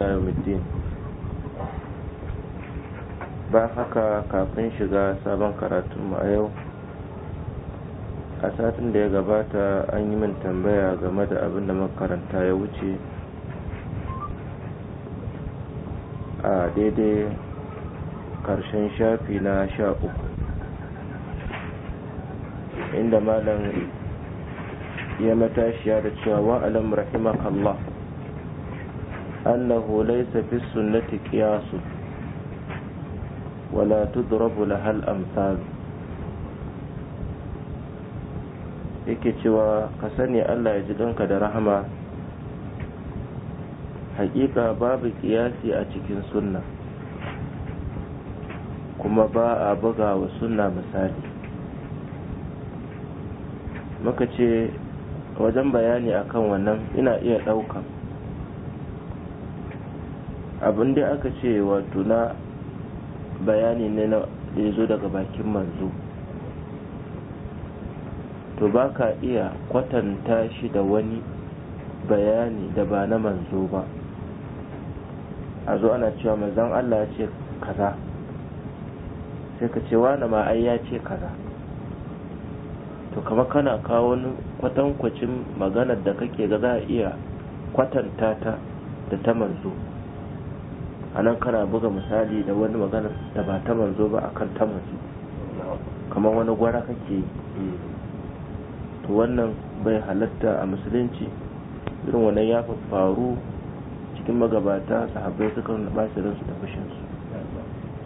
يوم ba haka kafin shiga sabon karatunmu a yau a satin da ya gabata an yi min tambaya game da abin da makaranta ya wuce a daidai karshen shafi na sha uku inda malam ya matashi ya da cewa wa'alam rahimakallah أنه ليس في السنة قياس ولا تضرب لها الأمثال yake cewa ka sani Allah ya ji ɗanka da rahama hakika babu kiyasi a cikin sunna kuma ba a buga wa sunna misali muka ce wajen bayani akan wannan ina iya ɗaukan abin da aka ce wato na bayani ne na da ya zo daga bakin manzo to ba ka iya kwatanta shi da wani bayani da ba na manzo ba a zo ana cewa manzan Allah ya ce kaza sai ka ce wa ma ai ya ce kaza to kama kana kawo wani kwatankwacin maganar da kake ga za a iya kwatanta ta da ta manzo a nan kana buga misali da wani magana da ba ta manzo ba akan ta manzo kamar wani gwara kake yi to wannan bai halatta a musulunci irin wannan ya faru cikin magabata sahabbai suka naba ransu da fushin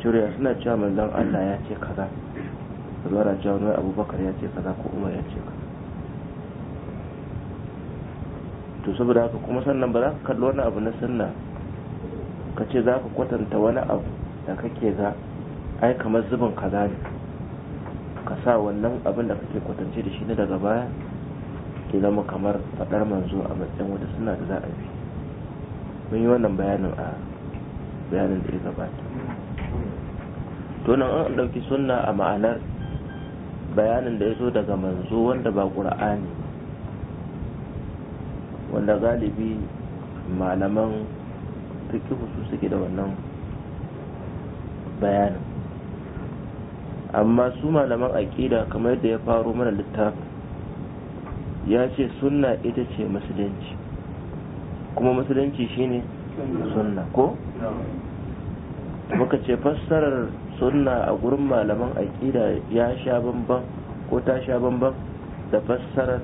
su ya suna cewa manzon Allah ya ce kaza zuwa cewa wani abubakar ya ce kaza ko umar ya ce kaza to saboda haka kuma sannan ba za ka kalli wani abu na sunna ka ce za ka kwatanta wani abu da kake ga ai kamar zubin kaza ne ka sa wannan abin da kake kwatance da shi ne daga baya ke zama kamar faɗar manzo a matsayin wata suna da za a bi mun yi wannan bayanin a bayanin da ya gabata to nan an ɗauki sunna a ma'anar bayanin da ya zo daga manzo wanda ba ƙura'ani wanda galibi malaman fikihu su suke da wannan bayanin amma su malaman aƙida kamar yadda ya faro mana littafin ya ce sunna ita ce musulunci kuma musulunci shine sunna ko muka ce fassarar sunna a gurin malaman aƙida ya sha bamban ko ta sha bamban da fassarar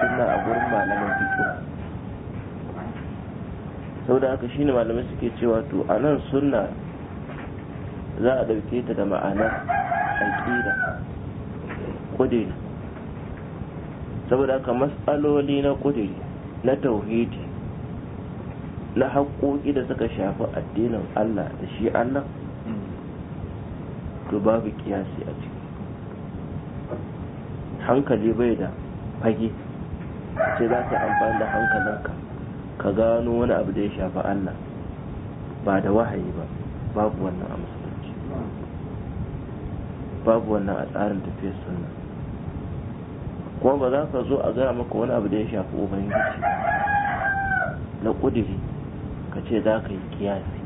sunna a gurin malaman fikihu saboda haka shine malamai suke cewa to a nan sunna za a ɗauke ta da ma'ana aƙida ƙudiri saboda haka matsaloli na ƙudiri na tauhidi na haƙoƙi da suka shafi addinin Allah da shi Allah to babu kiyasi a ciki hankali bai da fage sai za ka amfani da hankalinka ka gano wani abu da ya shafi Allah ba da wahayi ba babu wannan a musulunci babu wannan a tsarin tafiyar sunna kuma ba za ka zo a gaya maka wani abu da ya shafi ubangiji na ƙudiri ka ce za ka yi kiyasi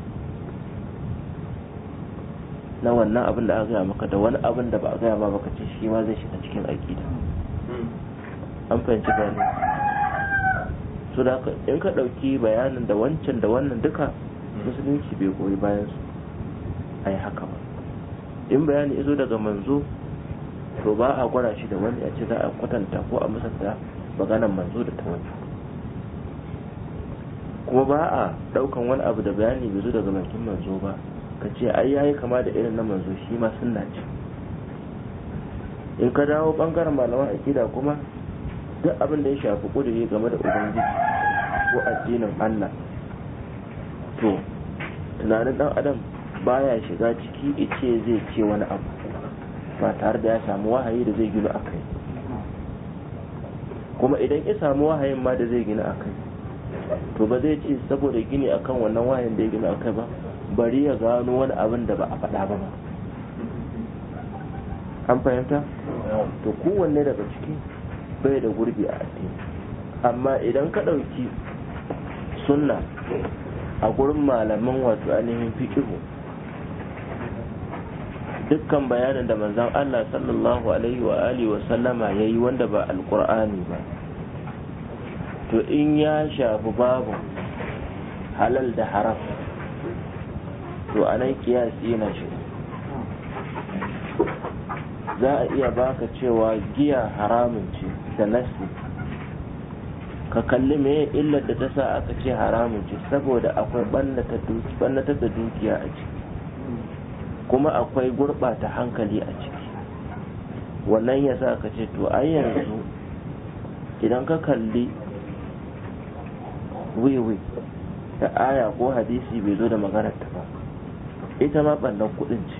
na wannan abin da a gaya maka da wani abin da ba a gaya ba ka ce shi ma zai shiga cikin aƙida an fahimci gani Su da in ka ɗauki bayanin da wancan da wannan duka hmm. musulunci bai koyi bayan su a yi haka ba in bayani izo daga manzo to ba a gwara shi da wani a ce za a kwatanta ko a musanta maganan manzo da ta wani kuma ba a ɗaukan wani abu da bayani bai zo daga bakin manzo ba ka ce ai yayi kama da irin na manzo shi ma sunna ce in ka dawo bangaren malaman akida kuma duk abin da ya shafi kudiri game da ubangiji ko addinin Allah to tunanin dan adam baya shiga ciki ice zai ce wani abu ba tare da ya samu wahayi da zai gina a kai kuma idan ya samu wahayin ma da zai gina a kai to ba zai ce saboda gini akan wannan wahayin da ya gina a kai ba bari ya gano wani abin da ba a faɗa ba an fahimta to kowanne daga ciki bai da gurbi a addini amma idan ka ɗauki sunna a gurin malaman wato ainihin fikihu dukkan bayanin da manzon Allah sallallahu alaihi wa alihi wa sallama yayi wanda ba alqur'ani ba to in ya shafi babu halal da haram to a nan kiyasi na shi za a iya baka cewa giya haramun ce ta nassi ka kalli me illar da ta sa aka ce haramun ce saboda akwai ɓannata da dukiya a ciki kuma akwai gurɓata hankali a ciki wannan ya sa ka ce to ai yanzu idan ka kalli wiwi da aya ko hadisi bai zo da maganarta ta ba ita ma ɓannan kuɗin ce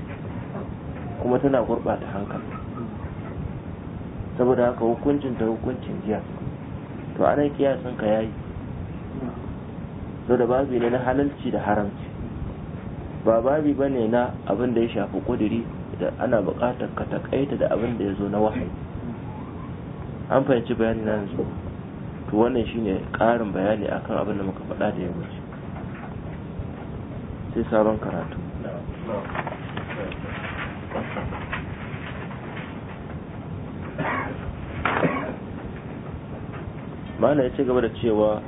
kuma tana gurɓata hankali saboda haka hukuncin ta hukuncin jiya to ana kiyasin ka yayi saboda da babi ne na halalci da haramci ba babi ba ne na abin da ya shafi ƙudiri da ana buƙatar ka takaita da abin da ya zo na wahayi an fahimci bayani na yanzu to wannan shine ƙarin bayani akan abin da muka faɗa da ya wuce sai sabon karatu mana ya gaba da cewa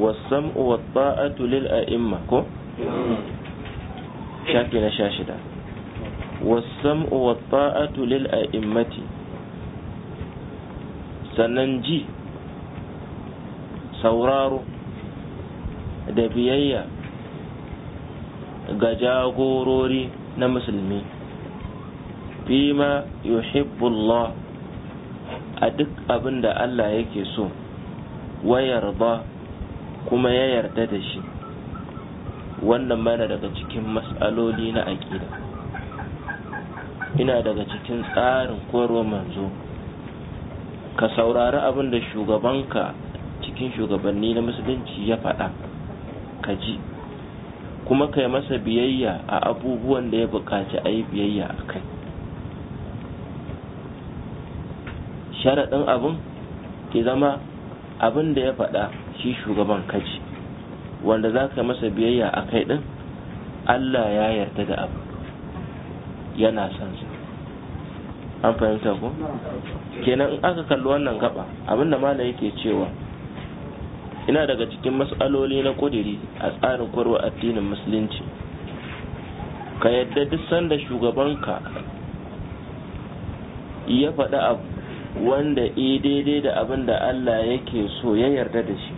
wasam'u a ta'atu lil a'imma ko shafi na sha shida wasam'u wa ta'atu lil a'immati sannan ji sauraro da biyayya ga jagorori na musulmi fima yuhibbullah a duk abin da Allah yake so wayar ba kuma ya yarda da shi wannan mana daga cikin matsaloli na aƙida ina daga cikin tsarin koro manzo ka saurari abin da shugabanka cikin shugabanni na musulunci ya faɗa ka ji kuma kai masa biyayya a abubuwan da ya buƙaci a yi biyayya a kai sharaɗin abin ke zama abin da ya faɗa shi shugaban kaji wanda za ka masa biyayya a kai ɗin Allah ya yarda da abu yana son sa an fahimta ko kenan in aka kalli wannan gaba abin da malam yake cewa ina daga cikin matsaloli na ƙudiri a tsarin korwa addinin musulunci ka yadda duk sanda shugabanka ya faɗi abu wanda e daidai da abin da Allah yake so ya yarda da shi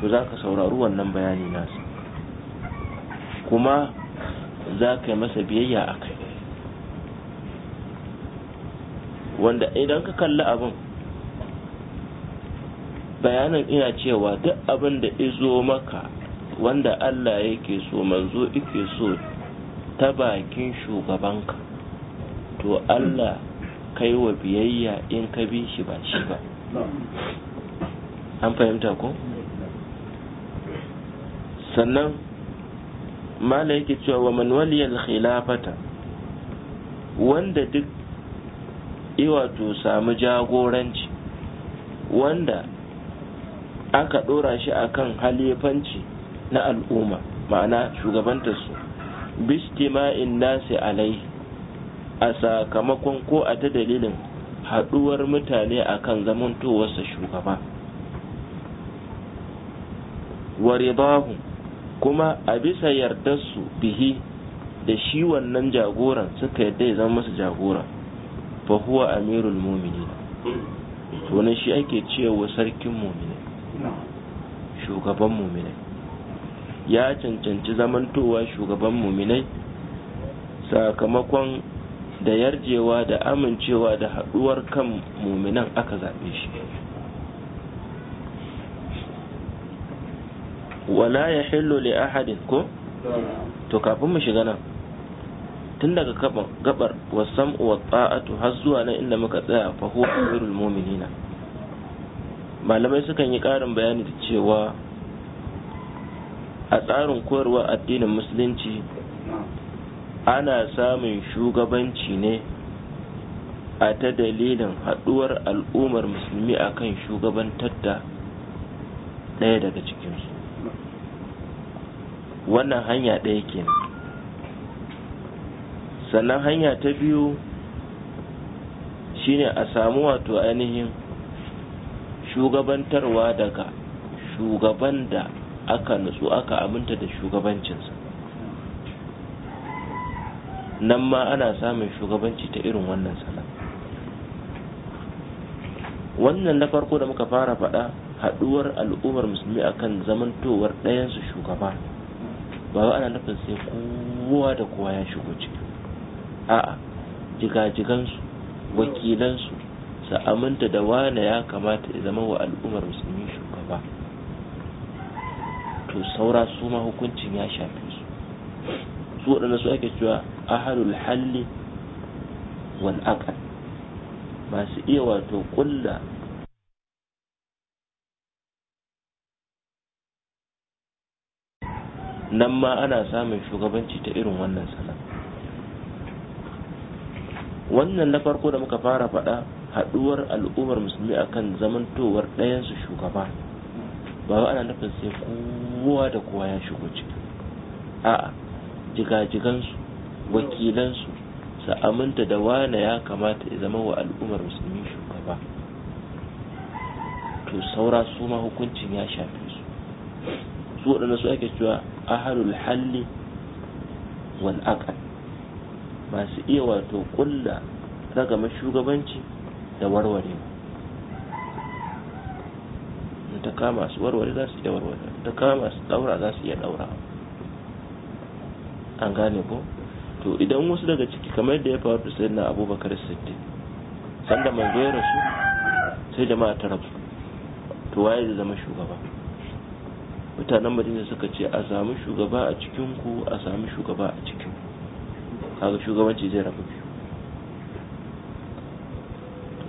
to za ka saurari wannan bayani nasa kuma za ka yi masa biyayya a kai wanda idan ka kalli abin bayanin ina cewa duk abin da izo maka wanda Allah yake so manzo yake so ta bakin shugabanka to Allah kai wa biyayya in ka bi shi ba shi ba an fahimta ko sannan mala yake cewa wa man waliyal khilafata wanda duk iwato samu jagoranci wanda aka ɗora shi akan halifanci na al'umma ma'ana shugabantarsu bistima'in nasi alaihi a sakamakon ko a ta dalilin haɗuwar mutane a kan zamantowarsa shugaba wa kuma a bisa yardarsu bihi da shi wannan jagoran suka yadda ya zama masa jagora fa huwa amirul mu'minin to shi ake cewa sarkin mumini shugaban mumini ya cancanci zamantowa shugaban mu'minai sakamakon da yarjewa da amincewa da haɗuwar kan muminan aka zaɓe shi wala ya hillo li ahadin ko to kafin mu shiga nan tun daga gabar wasan wa ta'atu har zuwa nan inda muka tsaya fa huwa khairul mu'minina malamai sukan yi ƙarin bayani da cewa a tsarin koyarwa addinin musulunci ana samun shugabanci ne a ta dalilin haɗuwar al'ummar musulmi a kan shugabantar da ɗaya daga cikinsu wannan hanya ɗaya ke sannan hanya ta biyu shine a samu wato ainihin shugabantarwa daga shugaban da aka nutsu aka aminta da shugabancinsa nan ma ana samun shugabanci ta irin wannan sana wannan na farko da muka fara faɗa haɗuwar al'ummar musulmi akan zamantowar ɗayansu shugaba ba ana nufin sai kowa da kowa ya shigo ciki a'a jigajigansu wakilansu su aminta da wane ya kamata ya zama wa al'ummar musulmi shugaba to saura su ma hukuncin ya shafe su su waɗanda su ake cewa ahalul halli wal aqal masu iya wato kulla nan ma ana samun shugabanci ta irin wannan sana wannan na farko da muka fara faɗa haɗuwar al'ummar musulmi akan zamantowar ɗayansu shugaba ba ana nufin sai kowa da kowa ya shigo ciki a'a jigajigansu wakilansu su aminta da wane ya kamata ya zama wa al'ummar musulmi shugaba to saura su ma hukuncin ya shafe su su waɗanda su ake cewa ahalul halli wal aqal masu iya wato kulla ragama shugabanci da warwarewa ta kama su warware za su iya warware ta kama su daura za su iya daura an gane ko to idan wasu daga ciki kamar da ya faru da na abubakar siddiq sanda mai ya rasu sai jama'a ta rabu to waye zai zama shugaba mutanen madina suka ce a sami shugaba a cikin ku a sami shugaba a cikin kaga shugabanci zai rabu biyu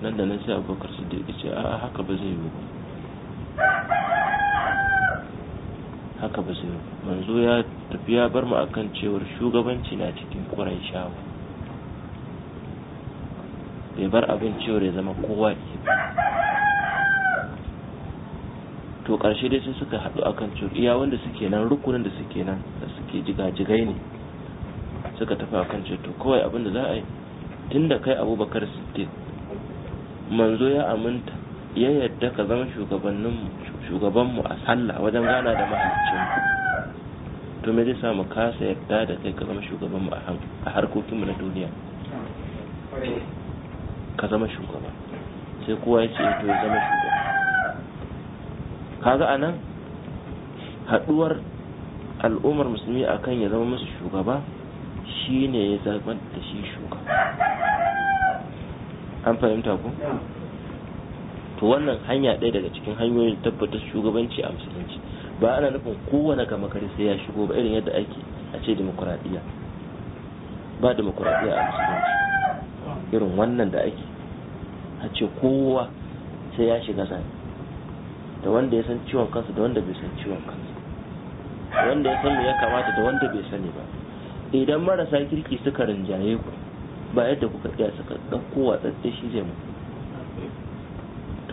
nan da nan sai abubakar siddiq ya ce a haka ba zai yiwu ba haka ba su manzo ya tafi ya bar mu akan cewar shugabanci na cikin ƙurai shawa bai bar abin cewar ya zama kowa to ƙarshe dai sun suka haɗu akan cewar iya wanda suke nan rukunin da suke nan da suke jigajigai ne suka tafi akan cewar to kawai abin da za a yi tun da kai abubakar siddiq manzo ya aminta ya yadda ka zama shugabanmu a sallah wajen gana da mahalicin to me zai sa mu kasa yadda da kai ka zama shugabanmu a harkokinmu na duniya ka zama shugaba sai kowa ya ce to ya zama shugaba kaga anan haduwar al'ummar musulmi akan ya zama musu shugaba shine ya zama da shi shugaba an fahimta ku to wannan hanya ɗaya daga cikin hanyoyin tabbatar shugabanci a musulunci ba ana nufin kowane gama kare sai ya shigo ba irin yadda ake a ce demokuraɗiyya ba demokuraɗiyya a musulunci irin wannan da ake a ce kowa sai ya shiga zane da wanda ya san ciwon kansa da wanda bai san ciwon kansa da wanda ya san me ya kamata da wanda bai sani ba idan marasa kirki suka rinjaye ku ba yadda kuka iya suka ɗauko watsatse shi zai mutu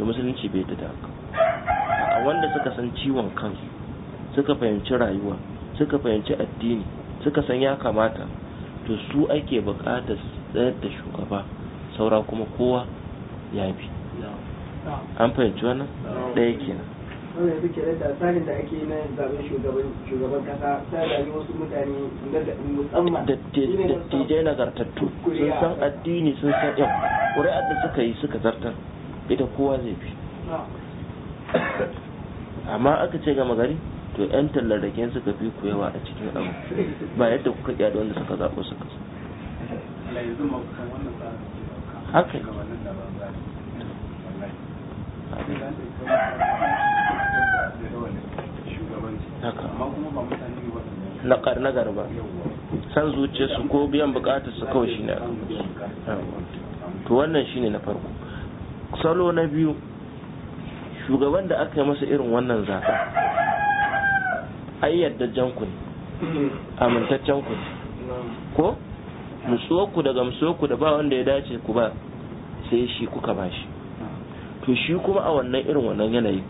to musulunci bai ta haka a wanda suka san ciwon kansu suka fahimci rayuwa suka fahimci addini suka san ya kamata to su ake buƙatar tsayar da shugaba saura kuma kowa ya bi an fahimci wannan ɗaya kenan wannan duk da tsarin da ake na zaɓen shugaban shugaban kasa ta rayu wasu mutane musamman dattijai nagartattu sun san addini sun san yau ƙuri'ar da suka yi suka zartar ita kowa zai fi amma aka ce gama gari to 'yan tallar da ke suka fi ku yawa a cikin abu ba yadda kuka kyada wanda suka zaɓo suka su haka na na garba san zuciya su ko biyan bukatar su kawai shi ne to wannan shine na farko salo na biyu shugaban da aka yi masa irin wannan zaɓa ai yadda janku ne amintaccen ku ko musuwarku daga ku da ba wanda ya dace ku ba sai shi kuka ba shi to shi kuma a wannan irin wannan yanayi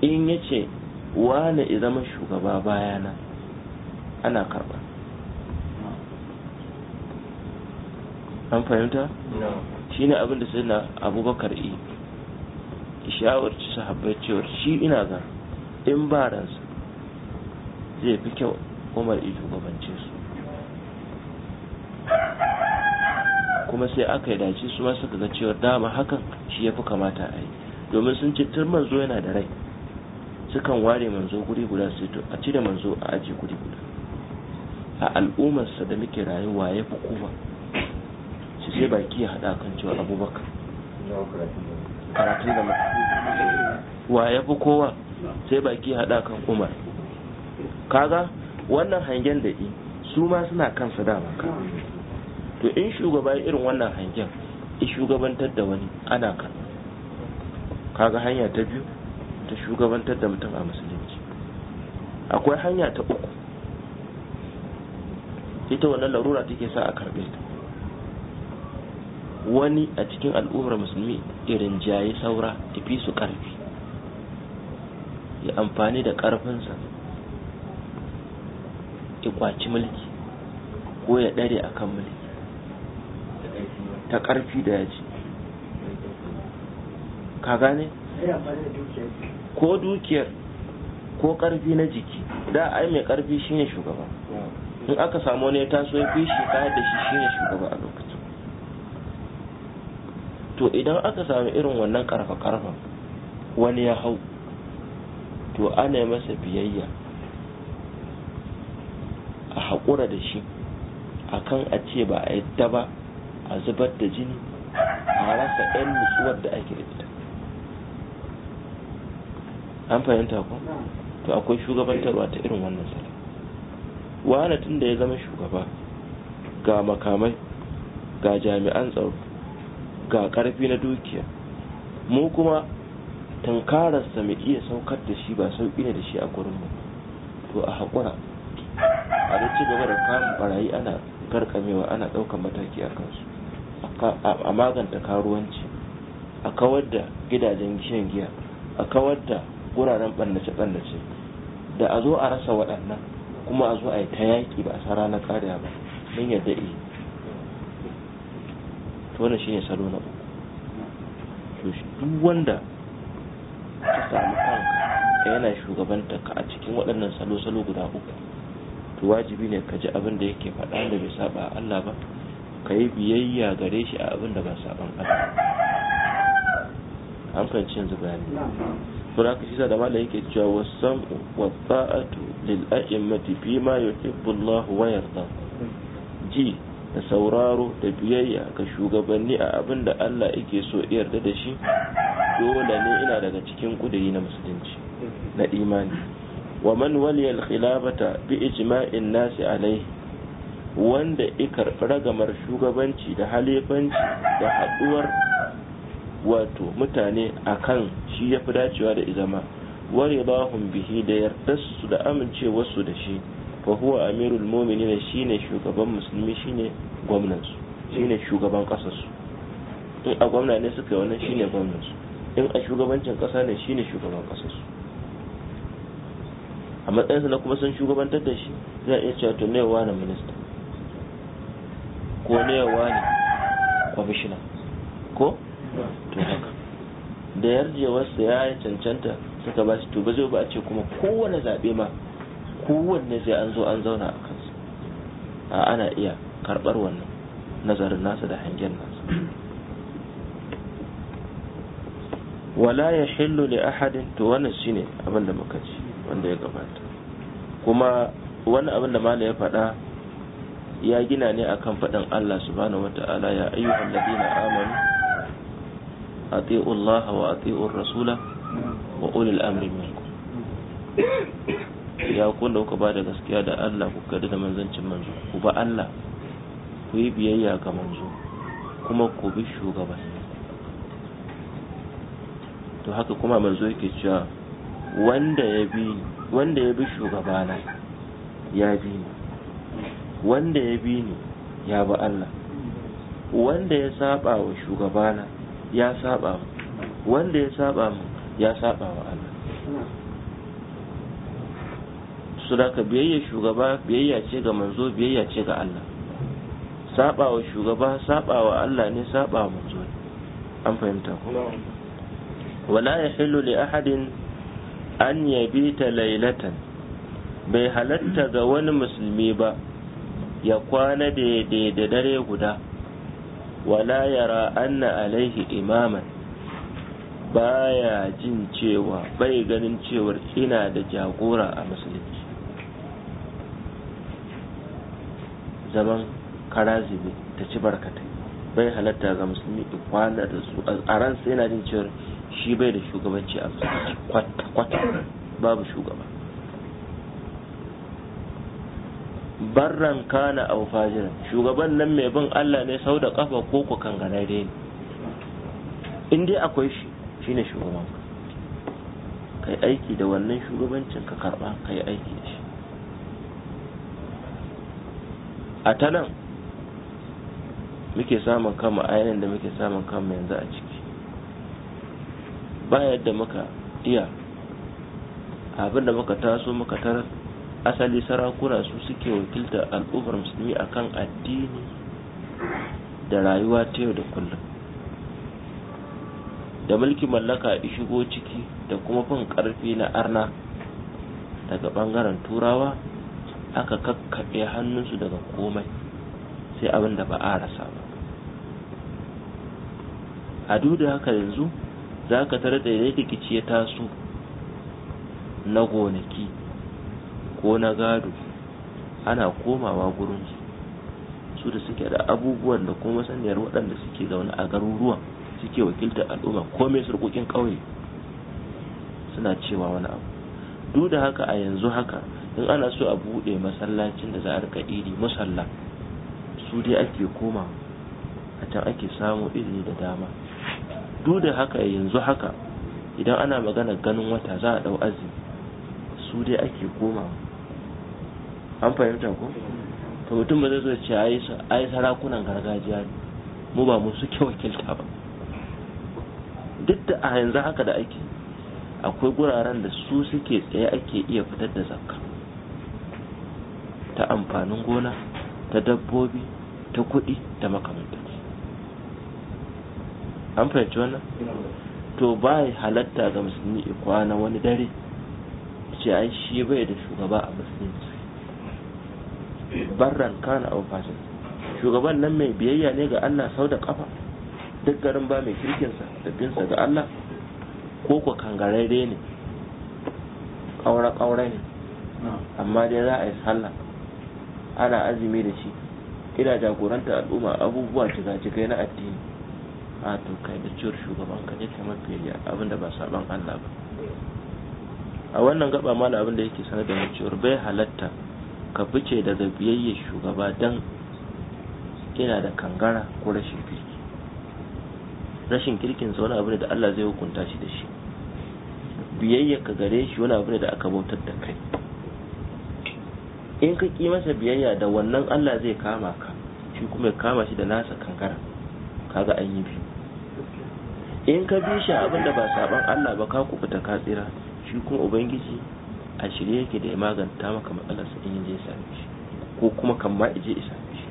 in ya ce wane ya zama shugaba bayana ana karɓa an fahimta? shine abin da sayyidina abubakar yi shawarci sahabbai cewar shi ina ga in ba ransa zai fi kyau umar yi shugabance su kuma sai aka yi dace su ma ga cewar dama hakan shi ya fi kamata a yi domin sun ce tun manzo yana da rai sukan ware manzo guri guda sai to a cire manzo a aji guri guda a al'ummarsa da muke rayuwa ya fi kuma ce sai baki ya haɗa kan cewa abubakar karatun da wa ya fi kowa sai baki ya haɗa kan umar kaga wannan hangen da i su ma suna kansa dama ka to in shugaba irin wannan hangen i shugabantar da wani ana kan kaga hanya ta biyu ta shugabantar da mutum a musulunci akwai hanya ta uku ita wannan larura take sa a karbe ta wani a cikin al'ummar musulmi irin jayi saura tafi su ƙarfi ya amfani da ƙarfinsa ya kwaci mulki ko ya ɗare a kan mulki ta ƙarfi da ya ce ka gane ko dukiyar ko ƙarfi na jiki da ai mai ƙarfi shine shugaba in aka samu ne ya taso ya fi shi ka da shi shine shugaba a lokacin to idan aka sami irin wannan karfa karfa wani ya hau to ana yi masa biyayya a haƙura da shi a kan a ce ba a yadda ba a zubar da jini a rasa 'yan nutsuwar da ake ita an fahimta ko to akwai shugabantarwa ta irin wannan sala wani tun da ya zama shugaba ga makamai ga jami'an tsaro ga karfi na dukiya mu kuma tunkararsa mai iya saukar da shi ba sauƙi ne da shi a gurin mu to a haƙura a da ci gaba da kamun barayi ana karkamewa ana ɗaukar mataki a kansu a maganta karuwanci a kawar da gidajen shan giya a kawar da guraren ɓannace-ɓannace da a zo a rasa waɗannan kuma a zo a yi ta yaƙi ba a sa rana ƙariya ba mun yadda iya eh. to wannan shine salo na to duk wanda ka samu kanka yana shugabanta ka a cikin waɗannan salo-salo guda uku to wajibi ne ka ji abin da yake faɗa da bai saba Allah ba ka yi biyayya gare shi a abin da ba saban Allah an fahimci yanzu bayani don haka shi da malai yake cewa wasam'u wa ta'atu lil a'immati fi ma yuhibbu Allah wa yarda ji da sauraro da biyayya ga shugabanni a abin da Allah yake so yarda da shi dole ne ina daga cikin kudiri na musulunci na imani wa man waliya al-khilafata bi ijma'in nasi alaihi wanda ya karɓi ragamar shugabanci da halifanci da haɗuwar wato mutane akan shi yafi dacewa da izama wari bihi da yarda su da amincewarsu da shi fa huwa amirul mu'minin shine shugaban musulmi shine gwamnan su shine shugaban kasar su in a gwamna ne suka yi wannan shine gwamnan su in a shugabancin kasa ne shine shugaban kasar su a matsayinsa na kuma sun shugabantar da shi zai iya cewa to wa na minista ko wa ne commissioner ko to haka da yarjewar sa ya cancanta suka ba shi to ba zai ba a ce kuma kowane zaɓe ma kowanne sai an zo an zauna a kansu a ana iya karɓar wannan nazarin nasa da hangen nasa wala ya hillu li ahadin to wannan shine abin muka ci wanda ya gabata kuma wani abin da mala ya faɗa ya gina ne akan faɗin Allah subhanahu wata'ala ya ayyuhan ladina amanu ati'u Allah wa ati'u rasula wa ulil amri minkum ya kula kuka ba da gaskiya da Allah ku gari da manzancin manzo ku ba Allah ku yi biyayya ga manzo kuma ku bi shugaban to haka kuma manzo yake cewa wanda ya bi wanda ya bi shugabana ya bi ni wanda ya bi ni ya bi Allah wanda ya saba wa shugabana ya saba wanda ya saba mu ya saba wa Allah so da biyayya shugaba biyayya ce ga manzo biyayya ce ga Allah saba wa shugaba saba wa Allah ne saba wa manzo an fahimta ku wala yahillu li ahadin an yabita laylatan bai halatta ga wani musulmi ba ya kwana daidai da dare guda wala yara anna alaihi imaman baya jin cewa bai ganin cewar ina da jagora a musulunci zaman karazibi ta ci barkatai bai halatta ga musulmi kwana da su a sai yana jin cewar shi bai da shugabanci a musulunci kwata-kwata babu shugaba barran kana a fajiran shugaban nan mai bin Allah ne sau da kafa ko ku kan gana dai ne in dai akwai shi shine shugaban ka kai aiki da wannan shugabancin ka karba kai aiki da shi a ta nan muke samun kama yanayin da muke samun kama yanzu a ciki ba yadda muka iya abinda muka taso muka tarar asali sarakuna su suke wakilta al'ummar musulmi akan addini da rayuwa ta yau da kullum da mulki mallaka shigo ciki da kuma fin karfi na arna daga bangaren turawa aka kakkaɓe hannunsu daga komai sai abin da ba a rasa ba a duda haka yanzu za ka tare da yadda rikici ya taso na gonaki ko na gado ana komawa gurinsu su da suke da abubuwan da kuma saniyar waɗanda suke zaune a garuruwan suke wakiltar al'umma ko mai surkukin ƙauye suna cewa wani abu duk da haka a yanzu haka in ana so a buɗe masallacin da za a rika iri, musalla su dai ake koma a can ake samu iri da dama duk da haka yanzu haka idan ana magana ganin wata za a ɗau azumi su dai ake koma an fahimta ko to mutum ba zai zo ce a yi sarakunan gargajiya ne mu ba mu suke wakilta ba duk da a yanzu haka da ake akwai guraren da su suke tsaye ake iya fitar da zakka ta amfanin gona ta dabbobi ta kuɗi da makamantansu an fahimci wannan to ba halatta ga musulmi kwana wani dare ce an shi bai da shugaba a musulunci barran kana abu fashin shugaban nan mai biyayya ne ga Allah sau da kafa duk garin ba mai kirkinsa da binsa ga Allah ko ku kangararre ne ƙaura-ƙaura ne amma dai za a yi sallah ana azumi da shi ina jagoranta al'umma abubuwa kai na addini a to kai da ciwar shugaban ka ne kamar fiye abin da ba saban Allah ba a wannan gaba da abin da yake sanar da mu cewar bai halatta ka fice daga biyayya shugaba dan ina da kangara ko rashin kirki rashin kirkin sa wani abu ne da Allah zai hukunta shi da shi biyayya ka gare shi wani abu ne da aka bautar da kai in ka ƙi masa biyayya da wannan Allah zai kama ka shi kuma ya kama shi da nasa kankara kaga an yi biyu in ka bi shi abin da ba saban Allah ba ka fita ka tsira shi kuma ubangiji a shirye yake da ya maganta maka matsalarsa in yaje ya shi ko kuma kan ma ije isa shi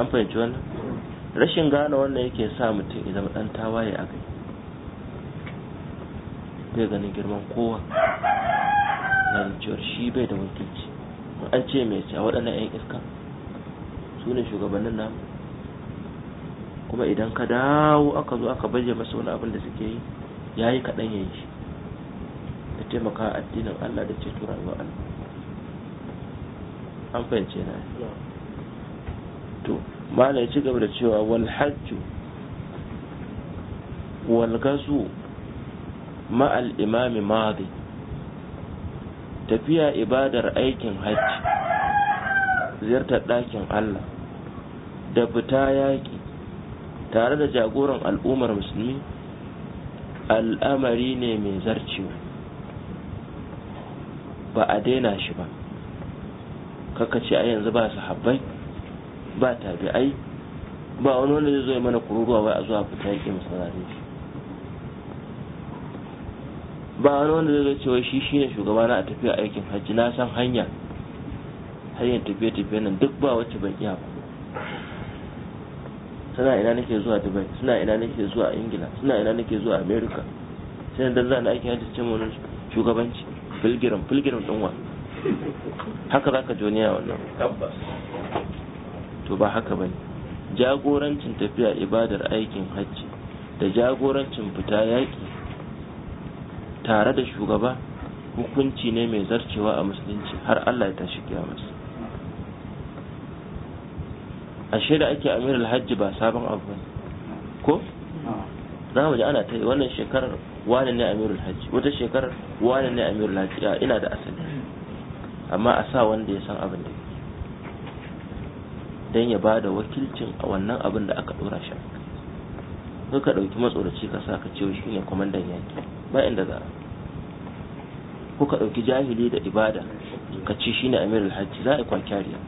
an fahimci wannan rashin gane wannan yake sa mutum idan zama dan tawaye a kai bai ganin girman kowa na shi bai da wakilci an ce mai ce waɗannan 'yan iska su ne shugabannin namu kuma idan ka dawo aka zo aka baje masa wani abin da suke yi ya yi kaɗan ya yi shi da taimaka addinin Allah da ce rayuwar Allah an fahimce na to ya ci gaba da cewa wal hajju wal gazu ma al imami madi tafiya ibadar aikin hajji ziyartar ɗakin Allah da fita yaƙi tare da jagoran al'ummar musulmi al'amari ne mai zarcewa ba a daina shi ba kaka ce a yanzu ba su habbai ba tabi'ai ba wani wanda zai zo mana kururuwa wai a zuwa fita yaƙi musulmi ba wani wanda zai cewa shi shine shugaba na a tafiya aikin hajji na san hanya hanyar tafiye tafiye nan duk ba wacce ban iya ba suna ina nake zuwa dubai suna ina nake zuwa ingila suna ina nake zuwa america sai da za na aiki hajji cin wani shugabanci filgirin filgirin din wa haka zaka joniya wannan to ba haka bane jagorancin tafiya ibadar aikin hajji da jagorancin fita yaki tare da shugaba hukunci ne mai zarcewa a musulunci har Allah ya tashi kiyamarsa ashe da ake amir alhaji ba sabon abu ne ko za mu ji ana ta yi wannan shekarar wani ne amir alhaji wata shekarar wani ne amir alhaji ina da asali amma a sa wanda ya san abin da ke don ya ba da wakilcin a wannan abin da aka dora shi ka ɗauki matsoraci ka sa ka ce shi ne kwamandan yaki ba inda za a kuka ɗauki jahili da ibada ka ci shi ne amirul hajji za a yi kwakiyariya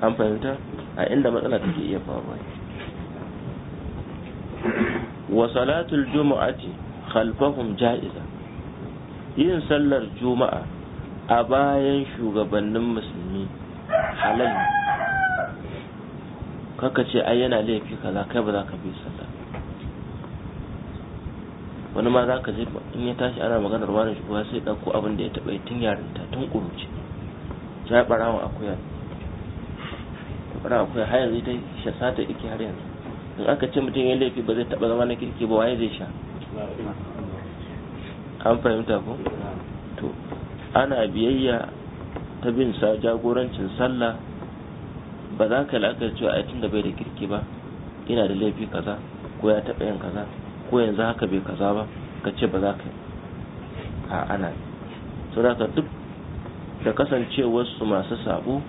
an fahimta a inda matsala take iya faruwa wa salatul juma'ati khalfahum ja'iza yin sallar juma'a a bayan shugabannin musulmi halal kaka ce ai yana laifi kaza kai ba za ka bi sa wani ma za ka je in ya tashi ana maganar wani shugaba sai ɗauko abin da ya taɓa yi tun yarinta tun ƙuruci ya ɓarawa akuya ɓarawa akuya har yanzu ta sha sata iki har yanzu in aka ce mutum ya laifi ba zai taɓa zama na kirki ba waye zai sha an fahimta ko to ana biyayya ta bin sa jagorancin sallah ba za ka la'akar cewa a tun da bai da kirki ba yana da laifi kaza ko ya taɓa yin kaza ko yanzu haka bai kaza ba ka ce ba za ka yi a ana ka duk da kasancewarsu masu sabo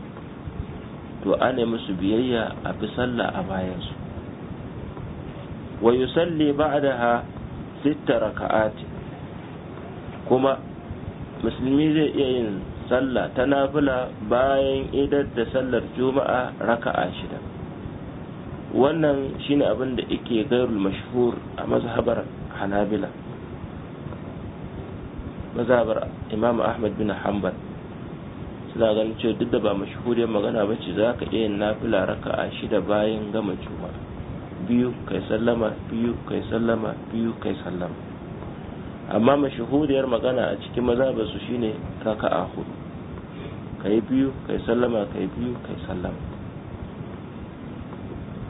to nemi musu biyayya a fi sallah a bayansu wa yusalli ba'daha sitta raka'ati kuma musulmi zai iya yin sallah ta nafila bayan idar da sallar juma'a raka'a shida wannan shine abin da yake gairul mashhur a mazhabar hanabila mazhabar imam ahmad bin hanbal suna ganin cewa duk da ba mashhur magana ba ce za ka iya yin raka a shida bayan gama juma biyu kai sallama biyu kai sallama biyu kai sallama amma mashahuriyar magana a cikin mazhabar su shine raka'a hudu kai biyu kai sallama kai biyu kai sallama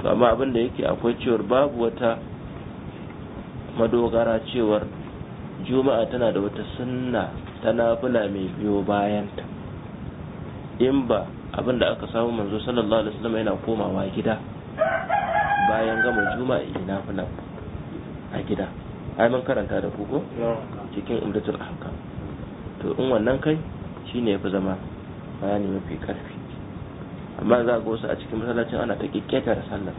to amma abin da yake akwai cewar babu wata madogara cewar juma'a tana da wata sunna ta nafila mai biyo bayanta in ba abin da aka samu manzo sallallahu alaihi wasallam yana komawa gida bayan gama juma'a yi nafila a gida ai mun karanta da koko cikin umdatul ahkam to in wannan kai shine yafi zama bayani mafi karfi amma za a wasu a cikin masallacin ana ta kekketar sallar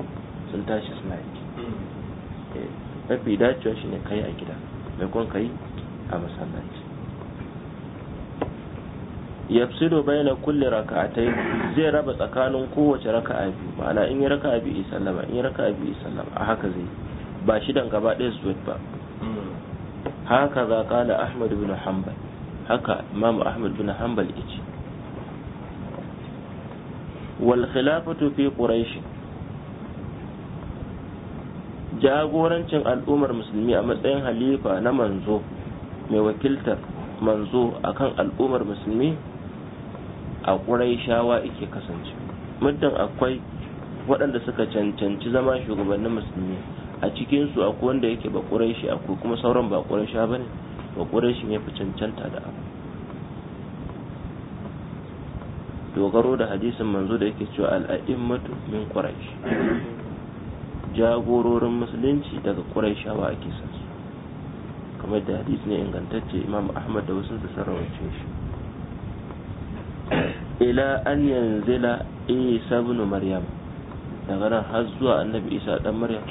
sun tashi suna yi eh, mafi dacewa shi ne kai a gida kwan kai a masallaci yafsilu bayna kulli raka'atayn zai raba tsakanin kowace a biyu ma'ana in yi a biyu sallama in yi a biyu sallama a haka zai ba shi dan gaba ɗaya su ba hmm. haka za kala ahmad bin hanbal haka imam ahmad bin hanbal yace wal khilafatu fi quraish jagorancin al'ummar musulmi a matsayin halifa na manzo mai wakiltar manzo akan al'ummar musulmi a ƙuraishawa ike kasance muddin akwai waɗanda suka cancanci zama shugabannin musulmi a cikinsu akwai wanda yake ba ƙuraishi akwai kuma sauran ba ƙuraisha ba ne ba ƙuraishi ne fi cancanta da abu dogaro da hadisin manzo da yake cewa al'a'immatu min quraish jagororin musulunci daga quraishawa ake san su kamar da hadisi ne ingantacce imam ahmad da wasu da sarrafa shi ila an yanzila isa ibn maryam daga nan har zuwa annabi isa dan maryam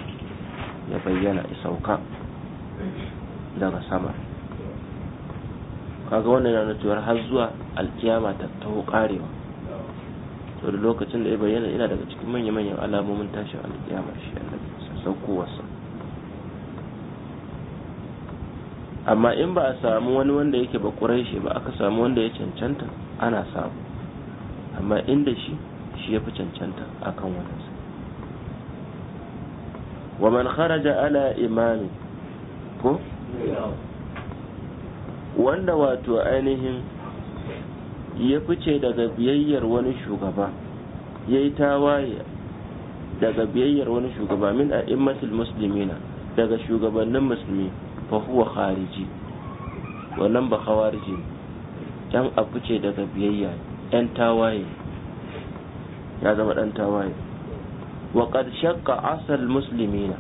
ya bayyana isauka daga sama kaga wannan yana cewa har zuwa alkiyama ta taho karewa to da lokacin da ya bayyana ina daga cikin manya-manyan alamomin tashin alkiyama shi annabi saukowarsa amma in ba a samu wani wanda yake ba shi ba aka samu wanda ya cancanta ana samu amma inda shi shi ya fi cancanta a kan wadansa wa man kharaja ala imani ko wanda wato ainihin ya fice daga biyayyar wani shugaba ya yi tawaye daga biyayyar wani shugaba min a immatul muslimina daga shugabannin musulmi fa huwa khariji wannan ba khawariji yan a fice daga biyayya yan tawaye ya zama dan tawaye wa qad shaqqa asal muslimina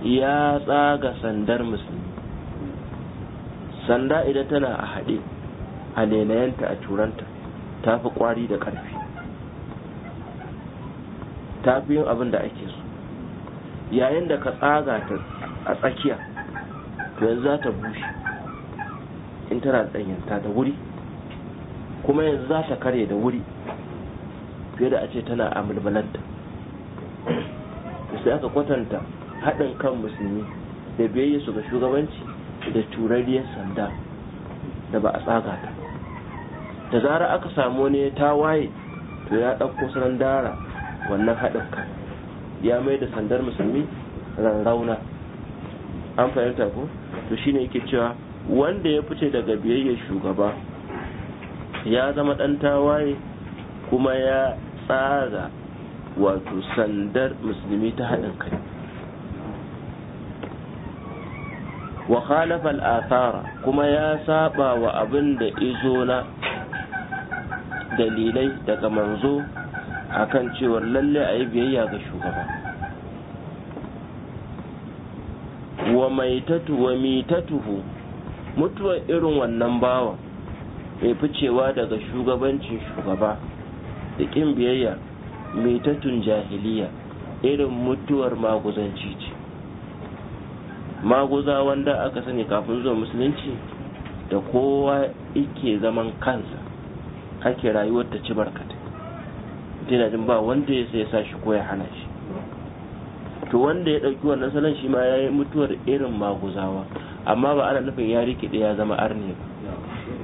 ya tsaga sandar musulmi sanda idan tana a haɗe a nenayenta a turanta ta fi kwari da ƙarfi ta fi yin abin da ake so yayin da ka tsaga ta a tsakiya to yanzu za ta bushe in tana tsayyanta da wuri kuma yanzu za ta karye da wuri fiye da a ce tana a mulmulanta sai aka kwatanta haɗin kan musulmi da biyayya su ga shugabanci da turariyar sanda da ba a tsaga ta da zara aka samu ne ta waye to ya ɗauko sanan dara wannan haɗin ya mai da sandar musulmi rauna. an fahimta ko to shine yake cewa wanda ya fice daga biyayyar shugaba ya zama ɗan tawaye kuma ya tsara wato sandar musulmi ta haɗin kai wa khalafa al'athara kuma ya saba wa abinda da izo na dalilai daga manzo akan cewar lalle a yi biyayya ga shugaba wa maitatu wa mitatuhu mutuwar irin wannan bawa mai ficewa daga shugabancin shugaba da ƙin biyayya mitatun jahiliya irin mutuwar maguzanci ce maguza wanda aka sani kafin zuwa musulunci da kowa ike zaman kansa ake rayuwar ta ci barkata yana jin ba wanda ya sai sa shi ko ya hana shi to wanda ya ɗauki wannan salon shi ma ya yi mutuwar irin maguzawa amma ba ana nufin ya rikide ya zama arne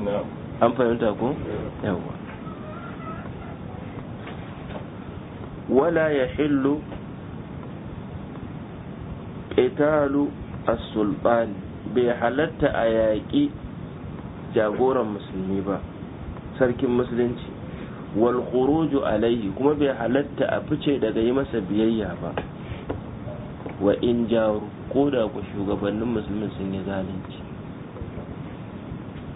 ba an fahimta ko yawa wala ya hillu ƙetalu as bai halatta a yaƙi jagoran musulmi ba sarkin musulunci wal khuruju alaihi kuma bai halatta a fice daga yi masa biyayya ba wa in jaru ko da ku shugabannin musulmin sun yi zalunci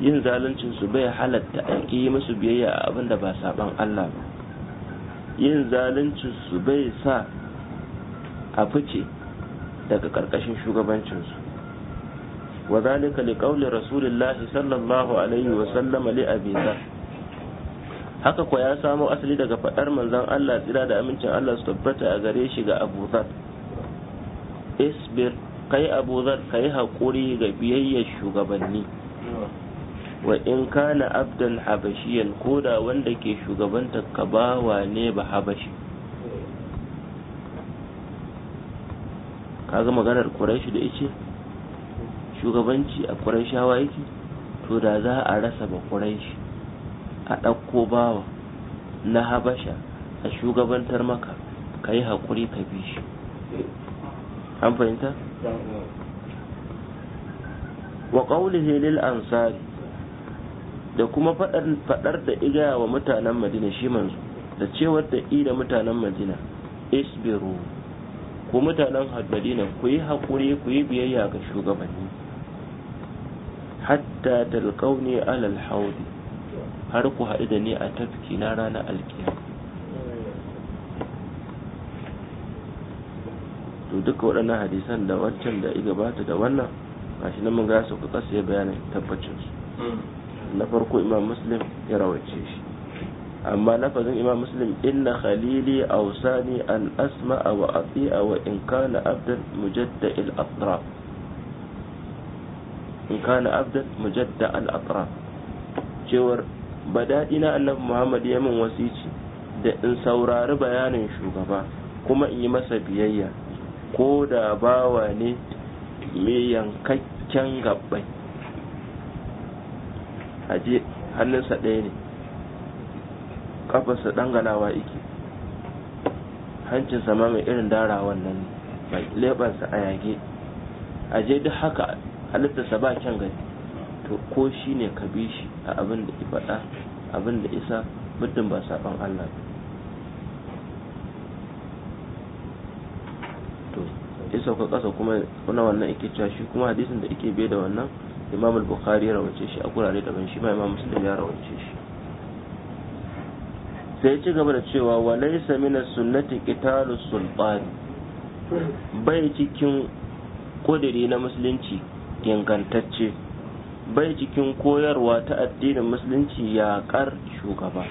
yin zaluncin su bai halatta a yi masa biyayya a abin da ba saban Allah ba yin zaluncin su bai sa a fice daga karkashin shugabancinsu wa zalika liqawli rasulillahi sallallahu alaihi wa sallama li abi haka kuwa ya samo asali daga faɗar manzon Allah tsira da amincin Allah su tabbata a gare shi ga Abu Zar isbir kai Abu Zar kai haƙuri ga biyayya shugabanni wa in kana abdan habashiyan koda wanda ke shugabanta ka ne ba habashi kaga maganar Quraishi da ice shugabanci a Quraishawa yake to da za a rasa ba Quraishi a ɗauko bawa na habasha a shugabantar maka ka yi haƙuri ka bi shi an fahimta? wa helil an ansari da kuma faɗar da igaya wa mutanen madina shi manzo da cewar da i da mutanen madina isbiru ku mutanen madina ku yi haƙuri ku yi biyayya ga shugabanni hatta talqauni alal haudi har ku haɗu da ni a tafki na ranar alkiyar to duka waɗannan hadisan da waccan da iga bata da wannan gashi nan mun ga su kuka sai bayanin tabbacin su na farko imam muslim ya rawace shi amma na fazin imam muslim inna khalili awsani an a wa ati'a wa in kana abdan mujadda al atraf in kana abdan mujadda al atraf cewar ba daɗi na annabi muhammad ya min wasici da in saurari bayanin shugaba kuma in yi masa biyayya ko da bawa ne mai yankakken gabbai aje hannunsa ɗaya ne ƙafarsa ɗangalawa iki hancinsa ma mai irin darawan nan ne lebansa a yage aje duk haka halittarsa ba kyan gani to ko shi ne ka bi shi a abin da faɗa abin da isa muddin ba saɓon Allah ba to isa ka ƙasa kuma kuna wannan ake cewa shi kuma hadisin da ake bai da wannan imam al-bukhari ya rawace shi a gurare daban shi ma imam muslim ya rawace shi sai ci gaba da cewa wa laysa min as-sunnati qitalu sultan bai cikin kudiri na musulunci ingantacce bai cikin koyarwa ta addinin musulunci yaƙar shugaba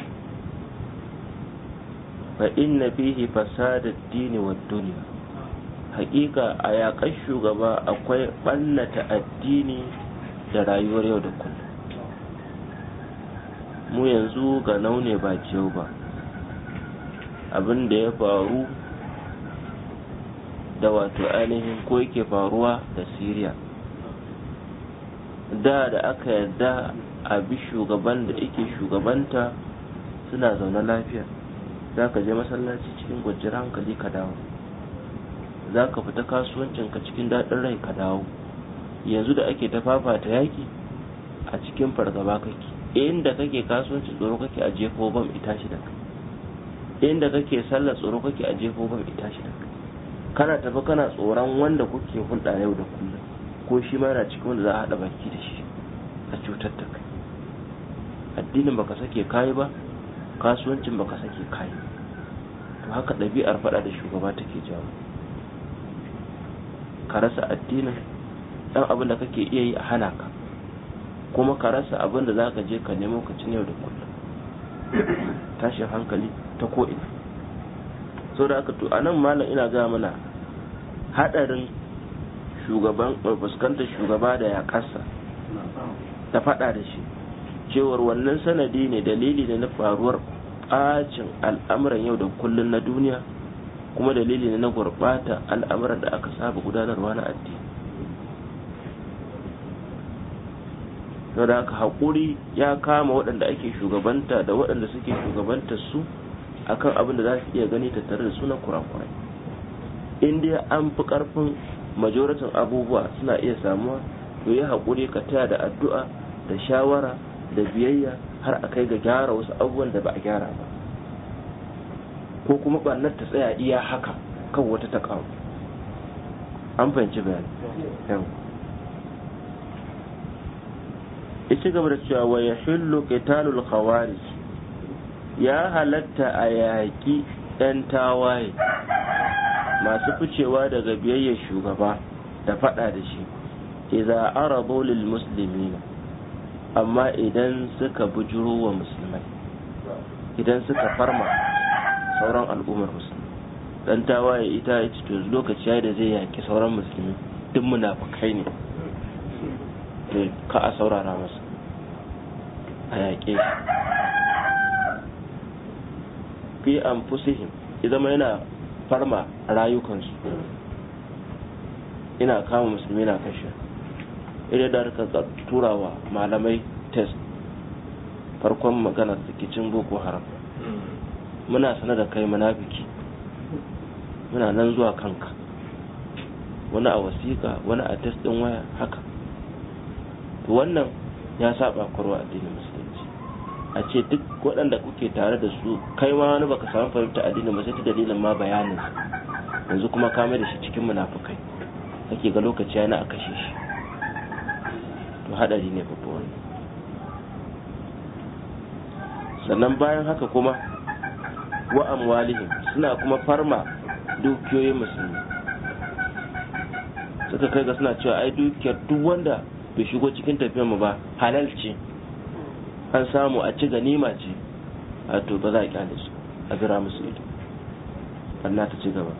fa inna fihi fasadad dini wa duniya haƙiƙa a yaƙar shugaba akwai ɓannata addini da rayuwar yau da kullum mu yanzu ga naune ba ciyau ba abin da ya faru da wato ainihin ko yake faruwa da siriya da da aka yarda a bi shugaban da yake shugabanta suna zaune lafiya za ka je masallaci cikin gwajin hankali ka dawo za ka fita kasuwancinka cikin daɗin rai ka dawo yanzu da ake ta fafata yaƙi a cikin fargaba kake inda kake kasuwanci tsoro kake a jefo bam ita shi da kai inda kake sallar tsoro kake a jefo bam ita shi da kai kana tafi kana tsoron wanda kuke hulɗa yau da kullum ko shi ma yana cikin wanda za a haɗa baki da shi a cutar da kai addinin baka sake kayi ba kasuwancin baka sake kayi to haka ɗabi'ar faɗa da shugaba take jawo ka rasa addinin ɗan abin da kake iya yi a hana ka kuma ka rasa abin da za ka je ka nemo ka cin yau da kullum tashin hankali ta ko'ina sau da to a nan malam ina ga mana haɗarin shugaban eh, fuskantar shugaba da kasa ta faɗa da shi cewar wannan sanadi ne dalili ne na faruwar ɓacin al'amuran yau da kullum na duniya kuma dalili ne na gurɓata al'amuran da aka saba gudanarwa na addini da haka haƙuri ya kama waɗanda ake shugabanta da waɗanda suke shugabanta su akan abin da za su iya gani tattare da su na kurakurai in dai an fi ƙarfin majoratin abubuwa suna iya samuwa to yi haƙuri ka taya da addu'a da shawara da biyayya har a kai ga gyara wasu abubuwan da ba a gyara ba ko kuma ɓannar ta tsaya iya haka kan wata ta an fahimci bayani ya ci gaba da cewa wa ya qitalul khawarij ya halatta a yaƙi 'yan tawaye masu ficewa daga biyayyar shugaba da faɗa da shi Iza arabu lil musulmi amma idan suka bujuro wa musulmai idan suka farma sauran al'ummar musulmi dan tawaye ita ita to lokaci da zai yaki sauran musulmi duk munafikai ne to ka a saurara masa a yaƙe fi anfusihim ya zama yana farma rayukansu ina kama musulmi na kashe idan da rika turawa malamai test farkon magana rikicin boko haram muna sana da kai munafiki muna nan zuwa kanka wani a wasiƙa wani a test ɗin waya haka to wannan ya saba kwarwa addinin musulmi a ce duk waɗanda kuke tare da su kai ma wani baka samu fahimta addinin ba sai ta dalilin ma bayanin yanzu kuma ka da shi cikin munafukai kake ga lokaci yana a kashe shi to haɗari ne babba wani sannan bayan haka kuma wa amwalihim suna kuma farma dukiyoyin musulmi suka kai ga suna cewa ai dukiyar duk wanda bai shigo cikin tafiyar mu ba halal ce an samu a ci ganima ce a to ba za a kyale su a bira musu ido Allah ta ci gaba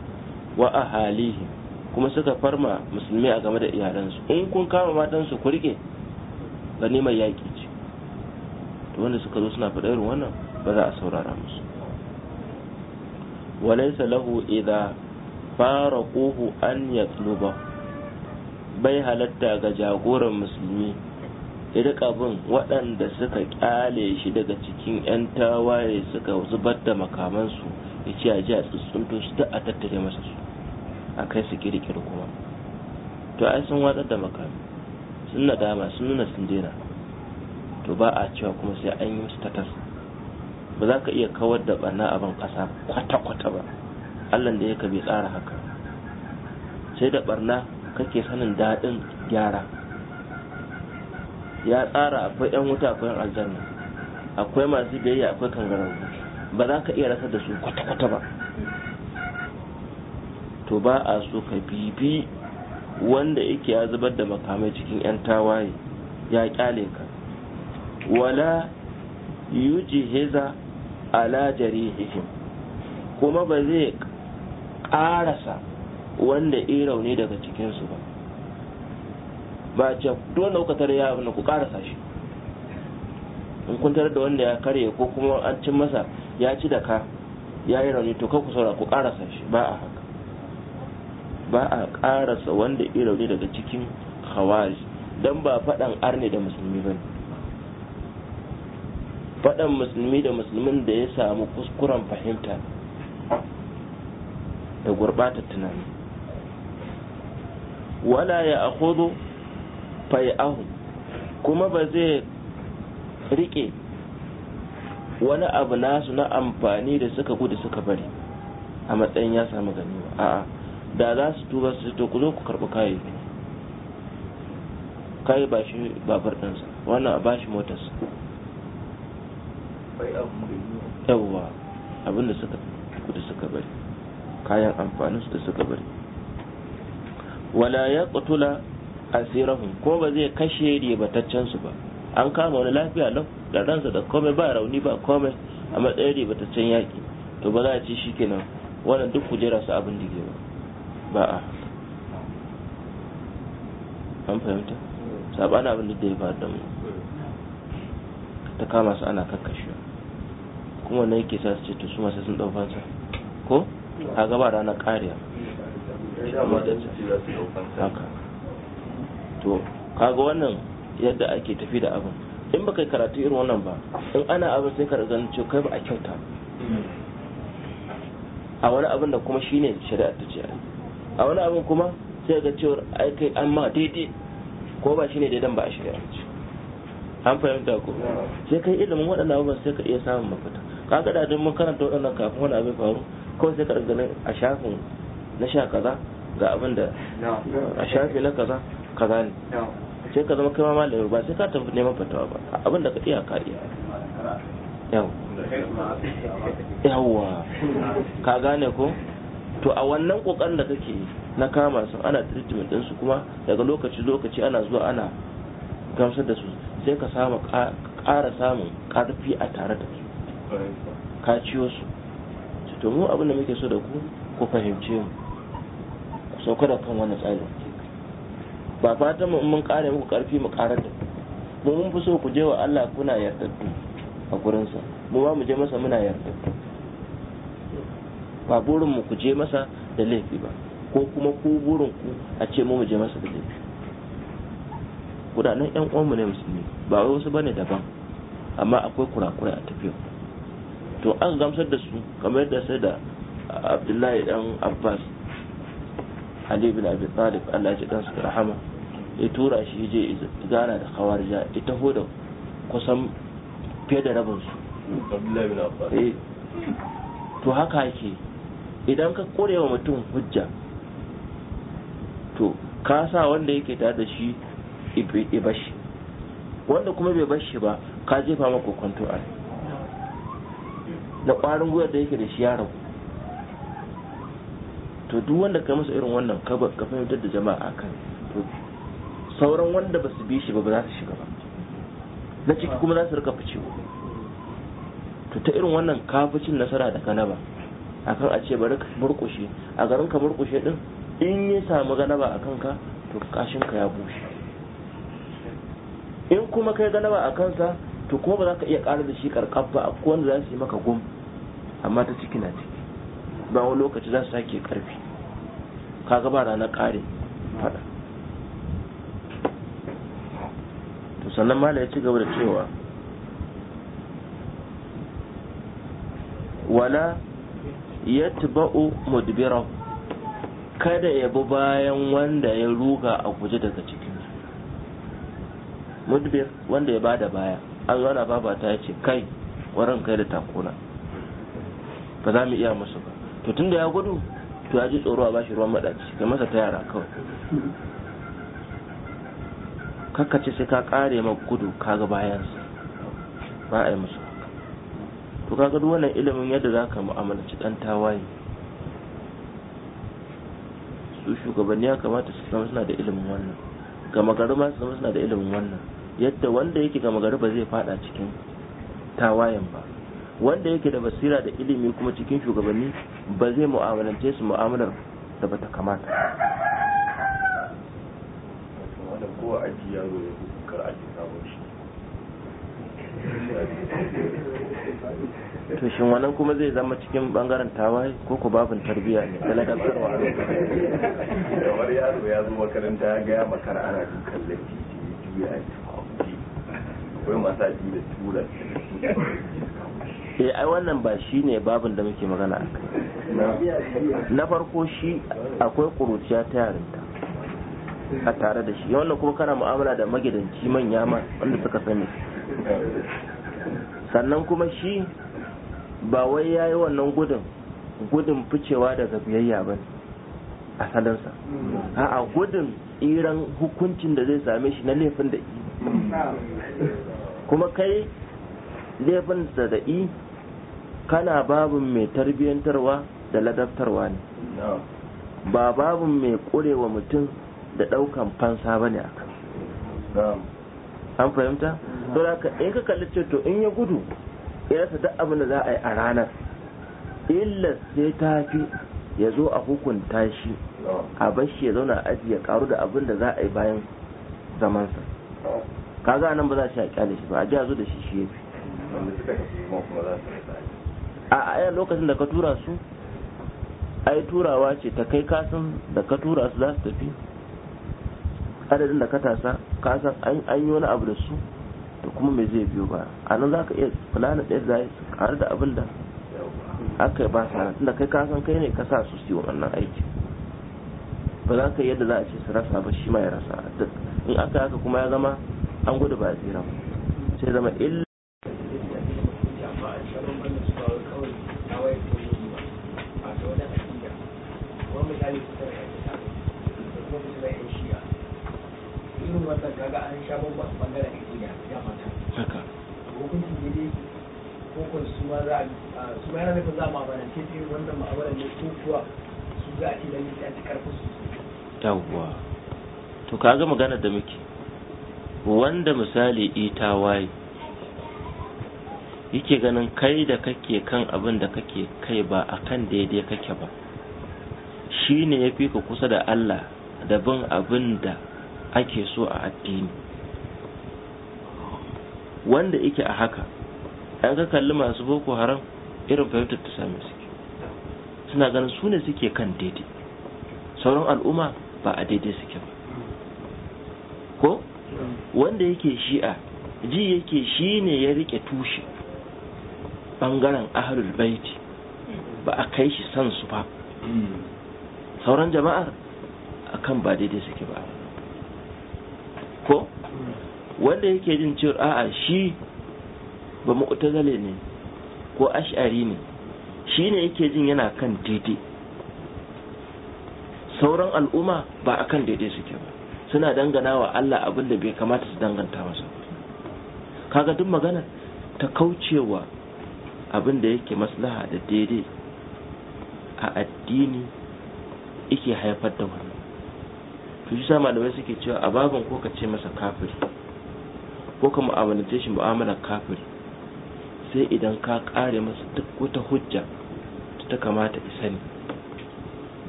wa ahalihi kuma suka farma musulmi a game da iyalansu in kun kama matansu ku rike ganimar yaƙi ce to wanda suka zo suna faɗa irin wannan ba za a saurara musu walaysa lahu idza faraquhu an yatluba bai halatta ga jagoran musulmi ya rika bin waɗanda suka ƙyale shi daga cikin 'yan tawaye suka zubar da makamansu ya ce a ji a tsuntsunto su duk a tattare masa su a kai su kirkir kuma to ai sun watsar da makami sun nadama sun nuna sun dena, to ba a cewa kuma sai an yi musu tatas ba za ka iya kawar da barna a ban ƙasa kwata-kwata ba allah da yaka bai tsara haka sai da barna kake sanin daɗin gyara ya tsara akwai yan wuta akwai aljanna akwai masu biyayya akwai kangararru ba za ka iya rasa da su kwata-kwata ba to ba a so ka bibi wanda yake ya zubar da makamai cikin 'yan tawaye ya kyale ka wala heza ala jarihihim kuma ba zai ƙarasa wanda irau ne daga cikinsu ba ba a cewa duk wanda kuka tare ya abin ku karasa shi in kun tare da wanda ya karye ko kuma an cin masa ya ci da ka ya yi rauni to kan ku saura ku karasa shi ba a haka ba a karasa wanda ya rauni daga cikin hawari don ba faɗan arne da musulmi ba faɗan musulmi da musulmin da ya samu kuskuren fahimta da gurɓatar tunani wala ya akhudu fai'ahu kuma ba zai rike wani abu nasu na amfani da suka gudu suka bari a matsayin ya samu gani ba a'a da za su tuba su to ku zo ku karɓi kayi kayi ba shi babar ɗinsa wannan a bashi motarsa yawwa abin da suka gudu suka bari kayan amfanin su da suka bari wala ya ƙutula asirahum ko ba zai kashe ribataccen su ba an kama wani lafiya lau da ransa da komai ba rauni ba komai a matsayin ribataccen yaki to ba za a ci shi kenan wannan duk kujera su abin dige ba ba a an fahimta saban abin da ya faru da mu ta kama su ana kakkashewa kuma wannan yake sa su ce to su masu sun ɗau fansa ko a gaba ranar ƙariya haka to kaga wannan yadda ake tafi da abin in baka karatu irin wannan ba in ana abin sai ka ganin cewa kai ba a kyauta a wani abin da kuma shine shari'a ta ce a wani abin kuma sai ga cewa ai kai an ma daidai ko ba shine daidan ba a shari'a an fahimta ko sai kai ilimin waɗannan abubuwan sai ka iya samun mafita kaga da duk mun karanta waɗannan kafin wani abin faru kawai sai ka ganin a shafin na sha kaza ga abin da a shafi na kaza kaza ne sai ka zama kai malami ba sai ka tafi neman fatawa ba abin ka iya ka yawwa ka gane ko to a wannan kokarin da kake na kama sun ana treatment su kuma daga lokaci lokaci ana zuwa ana gamsar da su sai ka samu kara samun karfi a tare da su ka ciyo su to mu abin da muke so da ku ku fahimce mu sauka da kan wani tsari. ba fatan mu mun kare muku karfi mu kare da mu mun fi so ku je wa Allah kuna yardattu a gurin sa mu ba mu je masa muna yardattu ba burin mu ku je masa da laifi ba ko kuma ku burin ku a ce mu mu je masa da laifi kudanan yan uwan mu ne musulmi ba wai wasu bane daban amma akwai kurakurai a tafiya to an gamsar da su kamar yadda sai da Abdullahi dan Abbas Ali bin Abi Talib Allah ya dan da rahama ya tura shi je gana da khawarija ya taho da kusan fiye da rabin su eh, to haka yake idan ka kore wa mutum hujja to ka sa wanda yake tare da shi ya bashi wanda kuma bai bashi ba ka jefa maka kwanto na kwarin gwiwar da yake da shi ya rabu to duk wanda ka masa irin wannan ka fahimtar da jama'a kan to sauran wanda ba su bi shi ba ba za su shiga ba na ciki kuma za su rika ficewa to ta irin wannan kafin nasara da kanaba akan a ce bari ka murkushe a garin ka murkushe din in ya samu ganaba a kanka to kashin ka ya bushe in kuma kai ganaba a kansa to kuma ba za ka iya ƙara da shi karkar ba a wanda za su yi maka gum amma ta ciki na ciki ba wani lokaci za su sake karfi kaga ba rana kare fada to sannan mala ya ci gaba da cewa wala tuba'u mudbirahu kada ya bi bayan wanda ya ruga a guje daga cikin mudbir wanda ya bada baya an zana babata ya ce kai warin kai da takuna ba za mu iya musu ba to tunda ya gudu to ya ji tsoro a bashi ruwan maɗaci ga masa ta yara kawai kakace sai ka ƙare ma gudu ka ga bayansa ba a yi musu to kaga ga wannan ilimin yadda za ka mu'amalanci ɗan tawaye su shugabanni ya kamata su zama suna da ilimin wannan gama gari ma su zama suna da ilimin wannan yadda wanda yake gama gari ba zai fada cikin tawayen ba wanda yake da basira da ilimi kuma cikin shugabanni ba zai mu'amalance su mu'amalar da bata kamata to shin wannan kuma zai zama cikin bangaren tawaye ko ku babin tarbiyya ne da ladabarwa a kamar yaro ya zo makaranta ya gaya makar ana dukan lafi juya a cikin akwai masu da tura eh ai wannan ba shi ne babin da muke magana a kai na farko shi akwai kuruciya ta yarinta a tare da shi wannan kuma kana mu'amala da magidanci manya ma wanda suka sani sannan kuma shi ba wai ya yi wannan gudun gudun ficewa daga biyayya ba a salansa a gudun iran hukuncin da zai same shi na laifin da kuma kai laifin da da'i kana babin mai tarbiyyantarwa da ladabtarwa ne ba babin mai ƙurewa mutum da ɗaukan fansa ba ne aka an fahimta? to da ka in ka kalli ce to in ya gudu ya rasa duk abin da za a yi a ranar illa sai ta fi ya zo a hukunta shi a bashi ya zauna aji ya karu da abin da za a yi bayan zamansa kaga nan ba za shi a kyale shi ba a ji a zo da shi shi ya fi a ayar lokacin da ka tura su ai turawa ce ta kai kasan da ka tura su za su tafi adadin da ka tasa kasan an yi wani abu da su da kuma mai zai biyo ba a nan za ka iya fulani ɗaya za su ƙaru da abin da aka yi ba sa da kai kasan kai ne ka sa su su wannan aiki ba za ka yadda za a ce su rasa ba shi ma ya rasa in aka haka kuma ya zama an gudu ba a sai zama illa za a su da magana da muke wanda misali ita waye yake ganin kai da kake kan abin da kake kai ba a kan daidai kake ba shi ne ya fi ka kusa da Allah da bin abin da ake so a addini wanda yake a haka an ka kalli masu boko haram irin fahimtar ta same suke suna ganin su ne suke kan daidai sauran al'umma ba a daidai suke ba ko wanda yake shi'a ji yake shi ne ya rike tushe bangaren ahalul baiti ba a kai shi san su ba sauran jama'ar a kan ba daidai suke ba ko wanda yake jin cewa a'a shi ba zale ne ko ash'ari ne shi ne yake jin yana kan daidai sauran al'umma ba a kan daidai suke ba suna dangana wa Allah abin da bai kamata su danganta masa kaga duk magana ta kaucewa abin da yake maslaha da daidai a addini yake haifar da wannan to shi sa malamai suke cewa a babin ko ka ce masa kafiri ko ka mu'amalance shi mu'amalar kafiri sai idan ka kare masa duk wata hujja ta kamata isa ne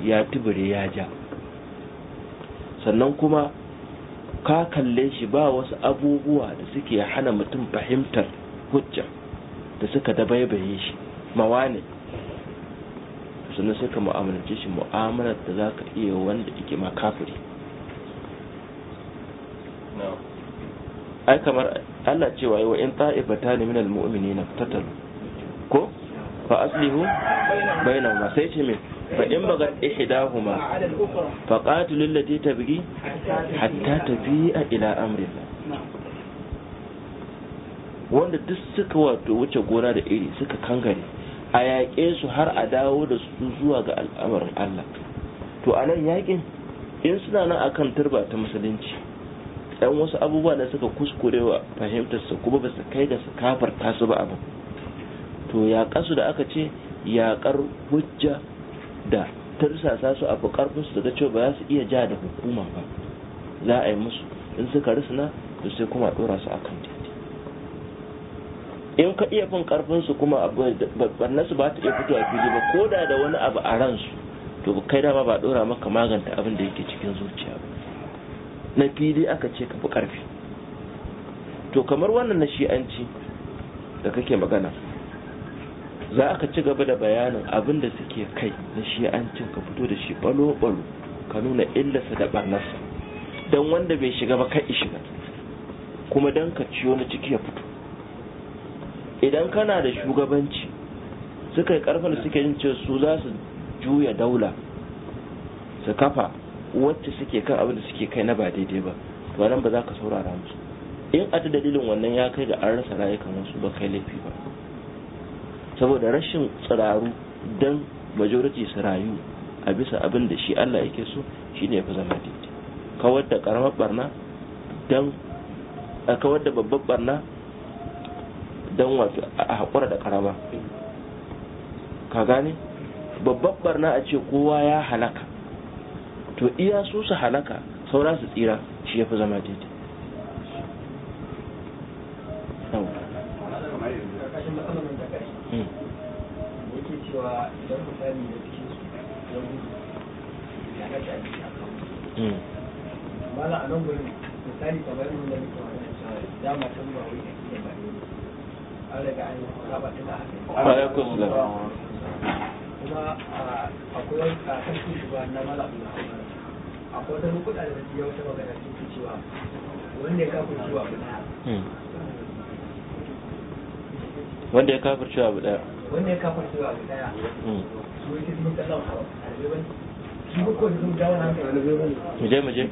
ya tubure ya ja sannan kuma ka kalle shi ba wasu abubuwa da suke hana mutum fahimtar hujja da suka dabaibaye shi mawane sannan sai ka shi mu'amalar da za ka iya wanda ike makafiri ai kamar Allah cewa yi wa in ta'ifata ne minal mu'mini na ko fa aslihu ma sai ce min fa in baga ihdahuma fa qatilu allati tabghi hatta tafi'a ila amri wanda duk suka wato wuce gona da iri suka kangare a yaƙe su har a dawo da su zuwa ga al'amarin Allah to a nan yaƙin in suna nan akan turba ta musulunci yan wasu abubuwa da suka kuskurewa fahimtarsa kuma ba su kai ga su kafarta su ba abu? to yaƙarsu da aka ce yaƙar hujja da tursasa su abu ƙarfinsu daga cewa ba za su iya ja da hukuma ba za a yi musu in suka risina to sai kuma ɗora su akan titi? in ka iya fin ƙarfinsu kuma nasu ba ta iya fitowa fili ba ko da da wani abu a ransu to kai dama ba ɗora maka maganta abin da yake cikin zuciya ba na fili aka ce ka fi to kamar wannan na shi'anci da kake magana za ka ci gaba da bayanin abin da suke kai na shi'ancin ka fito da shi balo-balo ka nuna illarsa da barnarsa don wanda bai shiga ba kai shiga kuma don ka ciyo na ciki ya fito idan kana da shugabanci suka yi karfin suke yin cewa su za su juya daula su kafa wacce suke kan abin da suke kai na ba daidai ba to nan ba za ka saurara musu in a ta dalilin wannan ya kai ga an rasa rayukan wasu ba kai laifi ba saboda rashin tsiraru don majority su rayu a bisa abin da shi Allah yake so ne ya fi zama daidai kawar da karamar barna don a kawar da babbar barna don wato a haƙura da karama ka gane babbar barna a ce kowa ya halaka to iya su su halaka sauran su tsira shi ya fi zama daidai wata da nake wata magana cewa wanda ya kafa cewa hmm. wanda ya kafa cewa daya wanda ya kafa cewa abu hmm. su yake sun kallon hawa shi ko sun je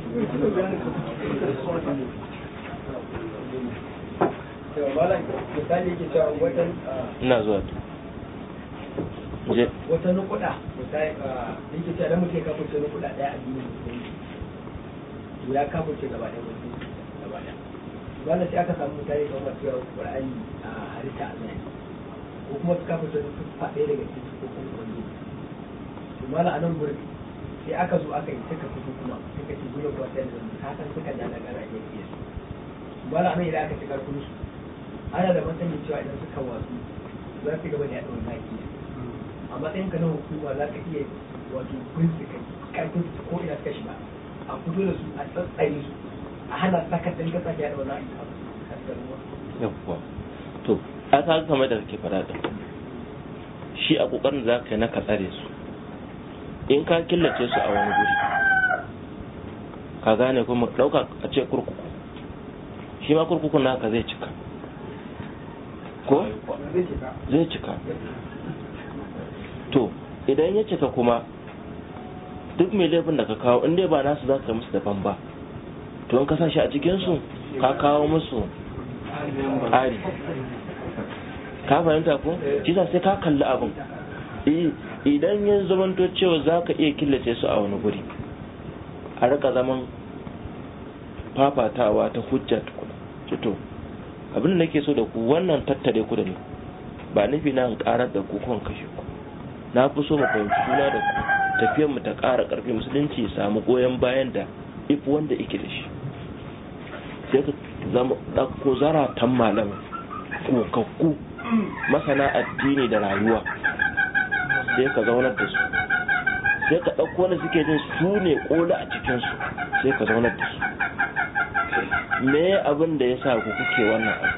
ah, ina zuwa je wata nukuda ah, ke cewa da muke kafa nukuda daya a duniya ya kafurce gaba ɗaya wasu gaba ɗaya wanda sai aka samu mutane da wanda cewa qur'ani a halitta Allah ko kuma su kafurce su faɗe daga cikin ko kuma wani to mala nan burki sai aka zo aka yi suka fito kuma suka ce gurin kuwa sai da hakan suka da daga rage fiye su mala nan idan aka ci karfin su ana da matsayin cewa idan suka wasu za su gaba da yaɗa wani haƙi a matsayin ka na hukuma za ka iya wato bincika karfin su ko ina suka shiga a fito da su a tsatsare su a hana saka da ga tsakiya da wani yawwa to a ka kamar da kake faɗa da shi a kokarin za ka yi na ka tsare su in ka killace su a wani guri ka gane kuma ɗauka a ce kurkuku shi ma kurkukun naka zai cika ko zai cika to idan ya cika kuma duk mai laifin da ka kawo inda dai ba nasu za ka musu daban ba to in ka sa shi a cikinsu ka kawo musu ari ka fahimta ko shi sai ka kalli abin idan yin zamanto cewa za ka iya killace su a wani guri a rika zaman fafatawa ta hujja cito abin da nake so da ku wannan tattare ku da ni ba nufi na karar da ku kashe ku na fi so mu fahimci juna da ku tafiyar mu ta ƙara ƙarfi musulunci ya samu goyon bayan da if wanda yake da shi sai ka zama ɗauko zaratan malamai kokakku masana addini da rayuwa sai ka zaunar da su sai ka ɗauko wanda suke jin su ne ƙola a cikinsu sai ka zaunar da su me abin da ya sa ku kuke wannan abu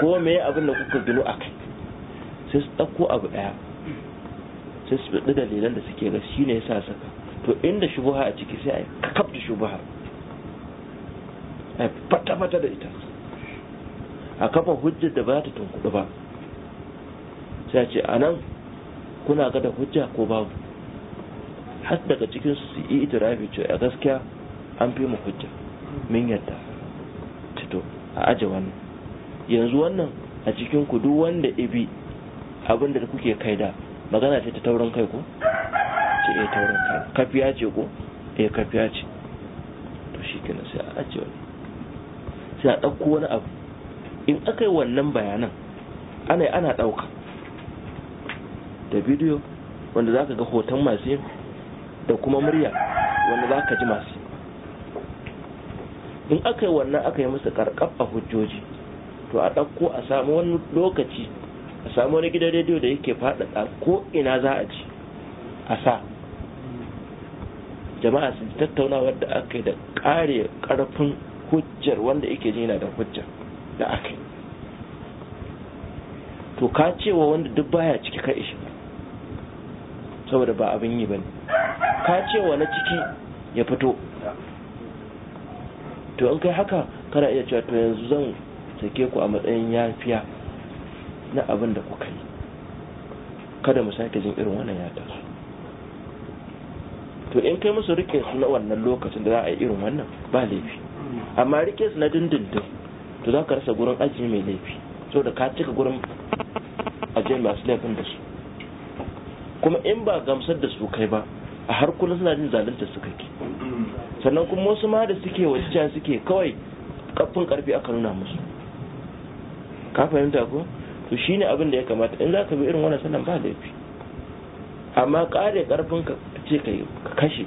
ko me abin da kuka gino a kai sai su ɗauko abu ɗaya sai su faɗi dalilan da suke ga shi ne ya sa saka to inda shubuha a ciki sai a yi kakaf da shubuha a fata-fata da ita a kafa hujjar da ba ta tunkuɗu ba sai ce a nan kuna ga da hujja ko babu har daga cikin su su yi itirafi ce a gaskiya an fi mu hujja min yadda tito a aje wannan yanzu wannan a cikin ku duk wanda ibi abin da kuke kai da magana ce ta taurin kai ko ce eh taurin kai kafiya ce ko eh kafiya ce to shi kenan sai a ajiye wani sai a ɗauko wani abu in aka yi wannan bayanan ana yi ana ɗauka da bidiyo wanda za ka ga hoton masu yin da kuma murya wanda za ka ji masu in aka yi wannan aka yi musu karkab a hujjoji to a ɗauko a samu wani lokaci a samu wani gidan rediyo da yake faɗaɗa ko ina za a ci a sa jama'a su tattauna da aka yi da ƙare ƙarfin hujjar wanda yake jina da hujjar da aka yi to ka cewa wanda duk baya ciki ka ishi saboda ba abin yi ba ne ka cewa na ciki ya fito to in kai haka kana iya cewa to yanzu zan sake ku a matsayin yafiya na abin da kuka yi kada mu sake jin irin wannan ya taso to in kai musu rike su na wannan lokacin da za a yi irin wannan ba laifi amma rike su na dindindin to za ka rasa gurin aji mai laifi so da ka cika gurin ajiye masu laifin da su kuma in ba gamsar da su kai ba a har kullum suna jin zalunta su kake sannan kuma wasu ma da suke wacce suke kawai kafin karfi aka nuna musu ka fahimta ko to ne abin da ya kamata in za ka bi irin wannan sannan ba yafi amma kare karfin ka ce ka kashe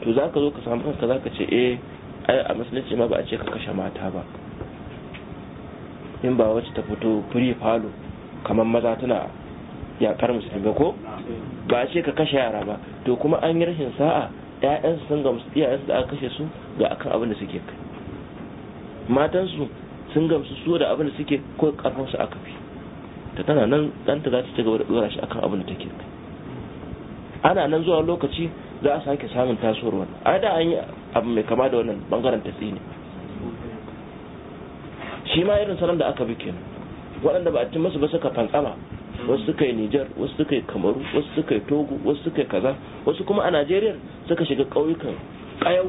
to za ka zo ka samu kanka za ka ce eh ai a musulunci ma ba a ce ka kashe mata ba in ba wacce ta fito free falo kamar maza tana yakar musulmi ko ba a ce ka kashe yara ba to kuma an yi rashin sa'a ƴaƴansu sun ga musu iyayensu da aka kashe su ga akan abin da suke kai matansu sun gamsu su da abin da suke ko karfin su aka fi ta tana nan ɗanta za ta ci gaba da ɗora shi akan abin da take kai ana nan zuwa lokaci za a sake samun tasowar wannan a da an yi abu mai kama da wannan bangaren tatsi ne shi ma irin salon da aka bi kenan waɗanda ba a ci masu ba suka fantsama wasu suka yi Nijar wasu suka yi Kamaru wasu suka yi Togo wasu suka yi kaza wasu kuma a Najeriya suka shiga ƙauyukan ƙayau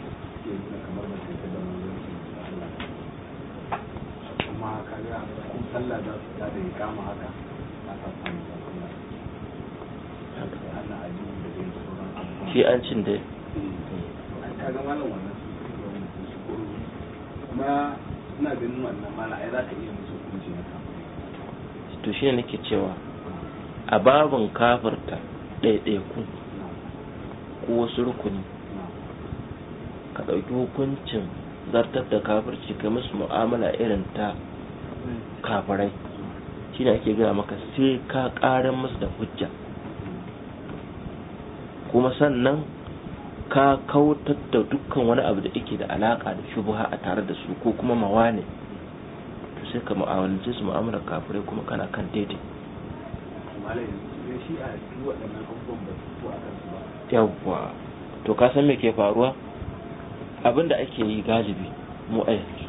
kuma kaga ko da su da shi an eh, na ne nake cewa a babin kafirta ɗaiɗaiku ko wasu rukuni ka ɗauki hukuncin zartar da kafirci kai musu mu'amala irin ta kafirai shi ne ake gaya maka sai ka karin musu da hujja kuma sannan ka kautar da dukkan wani abu da ake da alaƙa da shubuha a tare da su ko kuma mawane to sai ka ma'awalci su ma'amala kafirai kuma kana kan daidai yawwa to ka san me ke faruwa abin da ake yi galibi mu'ayyar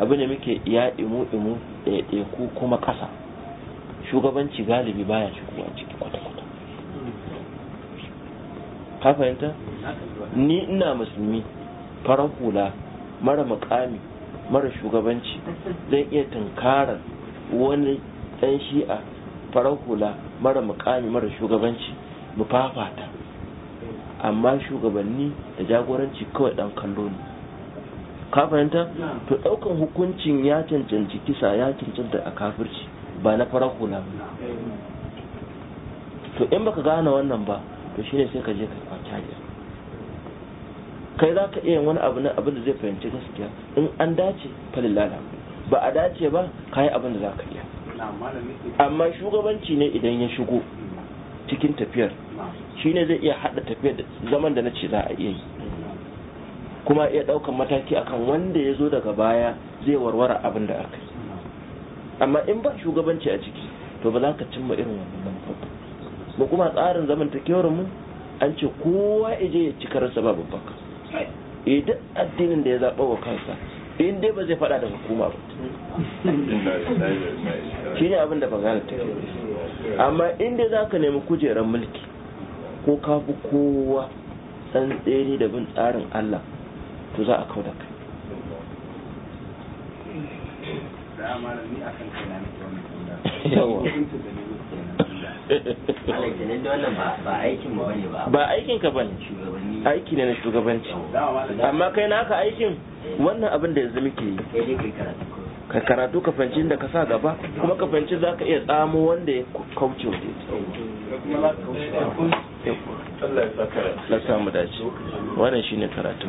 abin da muke ya imu imu ku kuma ƙasa shugabanci galibi baya shigowa ciki kwata-kwata ka fahimta ni ina musulmi farar hula mara mukami mara shugabanci zan iya tunkarar wani ɗan shi'a farar hula mara mukami mara shugabanci mu fafata amma shugabanni da jagoranci kawai ɗan kallo ne ka fahimta to ɗaukan hukuncin ya cancanci kisa ya cancanta a kafirci ba na farar hula to in baka gane wannan ba to shine sai ka je ka ya kai za ka iya wani abu na abin da zai fahimci gaskiya in an dace falilala ba a dace ba ka yi abin da za ka iya amma shugabanci ne idan ya shigo cikin tafiyar shi ne zai iya haɗa tafiyar zaman da na ce za a iya yi kuma iya ɗaukan mataki akan wanda ya zo daga baya zai warware abin da aka yi amma in ba shugabanci a ciki to ba za ka cimma irin wannan manufar mu kuma tsarin zamantakewar mu an ce kowa ije ya ci karasa babu baka idan eh, addinin da ya zaɓa wa kansa in dai ba zai faɗa da hukuma ba shi ne abin da ba gane ta amma in dai za ka nemi kujerar mulki ko ka fi kowa tsantseni da bin tsarin Allah to za a kau da kai ba aikin ka bane aiki ne na shugabanci amma kai na aka aikin wannan abin da yanzu muke yi ka karatu ka fanci da ka sa gaba kuma ka fanci za ka iya tsamo wanda ya kauce wa Allah ya sa karatu. Na samu dace. Wannan shine karatun.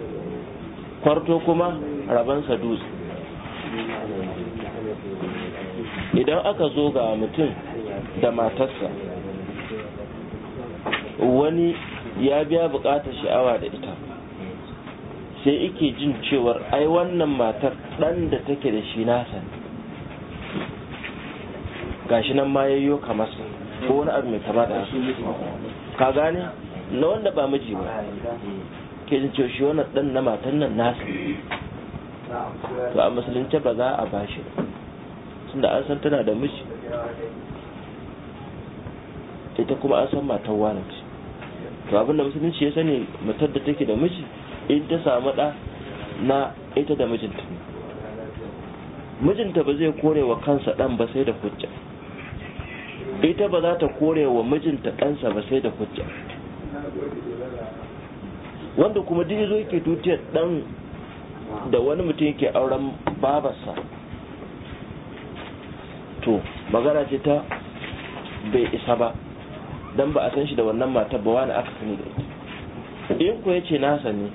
Farto kuma rabansa dutse idan aka zo ga mutum da matarsa wani ya biya bukatar sha'awa da ita sai ike jin cewar ai wannan matar ɗan da take da shi nasa gashi nan ma yayyo kamar ko wani abu mai kama da haka ka gane na wanda ba miji ba ke jin ce shi wannan dan na matan nan nasu to a musulunci ba za a bashi tunda an san tana da miji ita kuma an san matan wani ce to abin da musulunci ya sani matar da take da miji in ta samu da na ita da mijinta mijinta ba zai kore wa kansa dan ba sai da hujja ita ba za ta kore wa mijinta ɗansa ba sai da hujja wanda kuma duk zo yake tutiyar dan da wani mutum yake auren babarsa to magana ce ta bai isa ba dan ba a san shi da wannan matar ba wani aka sani da ita in ko yace na sani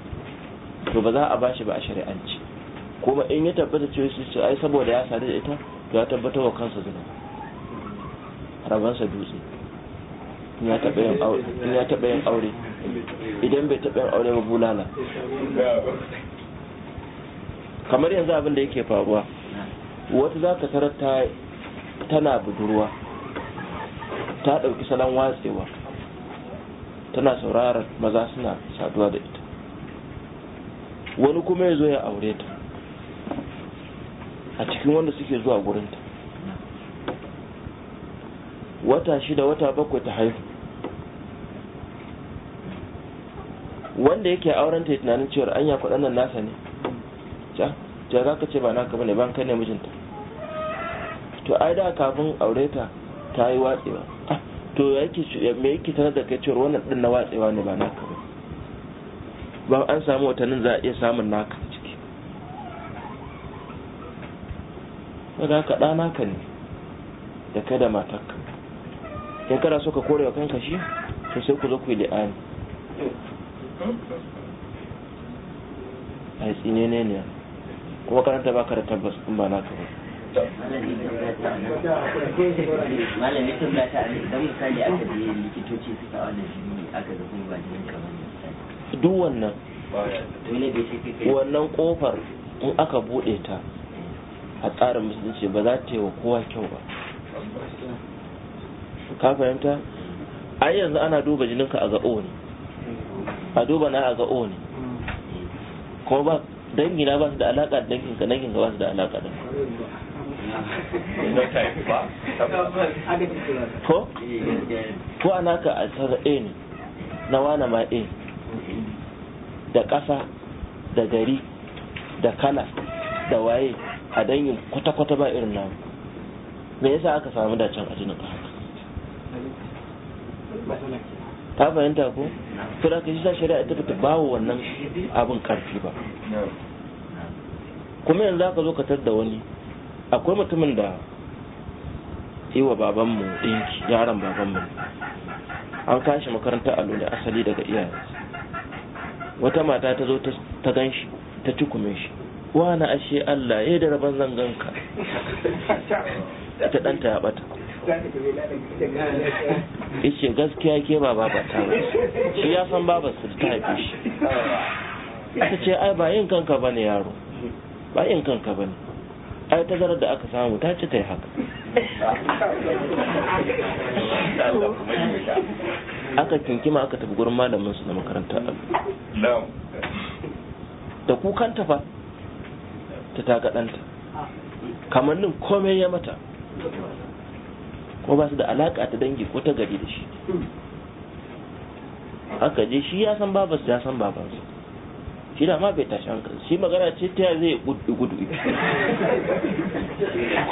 to ba za a bashi ba a shari'anci kuma in ya tabbata cewa su ai saboda ya sadu da ita to ya tabbata wa kansa zina rabansa dutse in ya taɓa yin aure idan bai taɓa aure ba bulala kamar yanzu abin da yake faruwa wata za ka tarar tana budurwa ta ɗauki salon watsewa tana sauraron maza suna saduwa da ita wani kuma ya zo ya aure ta a cikin wanda suke zuwa gurinta wata shida wata bakwai ta haihu wanda yake auren ta tunanin cewar anya kuɗin nan nasa ne ja za ka ce ba naka bane ban kai ne mijinta to ai da kafin aure ta ta yi watsewa ah, to me yake sanar da kai cewar wannan din na watsewa ne ba naka ba ba an samu watannin za a iya samun naka ciki saboda ka ɗa naka ne da kai da matarka in kana so ka kore wa kanka shi to sai ku zo ku yi li'ani a yi ne ne kuma karanta ba ka da tabbas ba naka ba malami sun aka likitoci suka jini aka kamar duk wannan wannan kofar in aka bude ta a tsarin musulunci ba za ta yi wa kowa kyau ba ka fahimta ai yanzu ana duba jininka a gaɓo ne a duba na a ga o ne kuma ba dangi na ba su da alaka da dangin ka dangin ka ba su da alaka da ko ko ana ka a tsara a ne na wana ma a da kasa da gari da kala da waye a dangin kwata-kwata ba irin namu me yasa aka samu dacen ajinin ka haka ta fahimta ko to da shi shari'a ita ta ba wa wannan abin karfi ba kuma yanzu aka zo ka da wani akwai mutumin da yi wa babanmu dinki yaran babanmu an kashi makarantar allo da asali daga iyaye wata mata ta zo ta gan shi ta kume shi wani ashe allah ya da rabon zanganka ta ɗanta ya bata? yace gaskiya ke ba ba ta ba shi ya san baba su ta haife shi aka ce ai ba yin kanka ba ne, yaro ba yin kanka ba ne.' ai tazarar da aka samu ta ci ta yi haka aka kinkima aka tafi gurin malamin su na makaranta da kukanta fa ta taga Kamar kamannin komai ya mata ko ba su da alaka ta dangi ko ta gari da shi aka je shi ya san babas ya san babansa shi da ma bai tashi hankali shi magana ce ta zai gudu gudu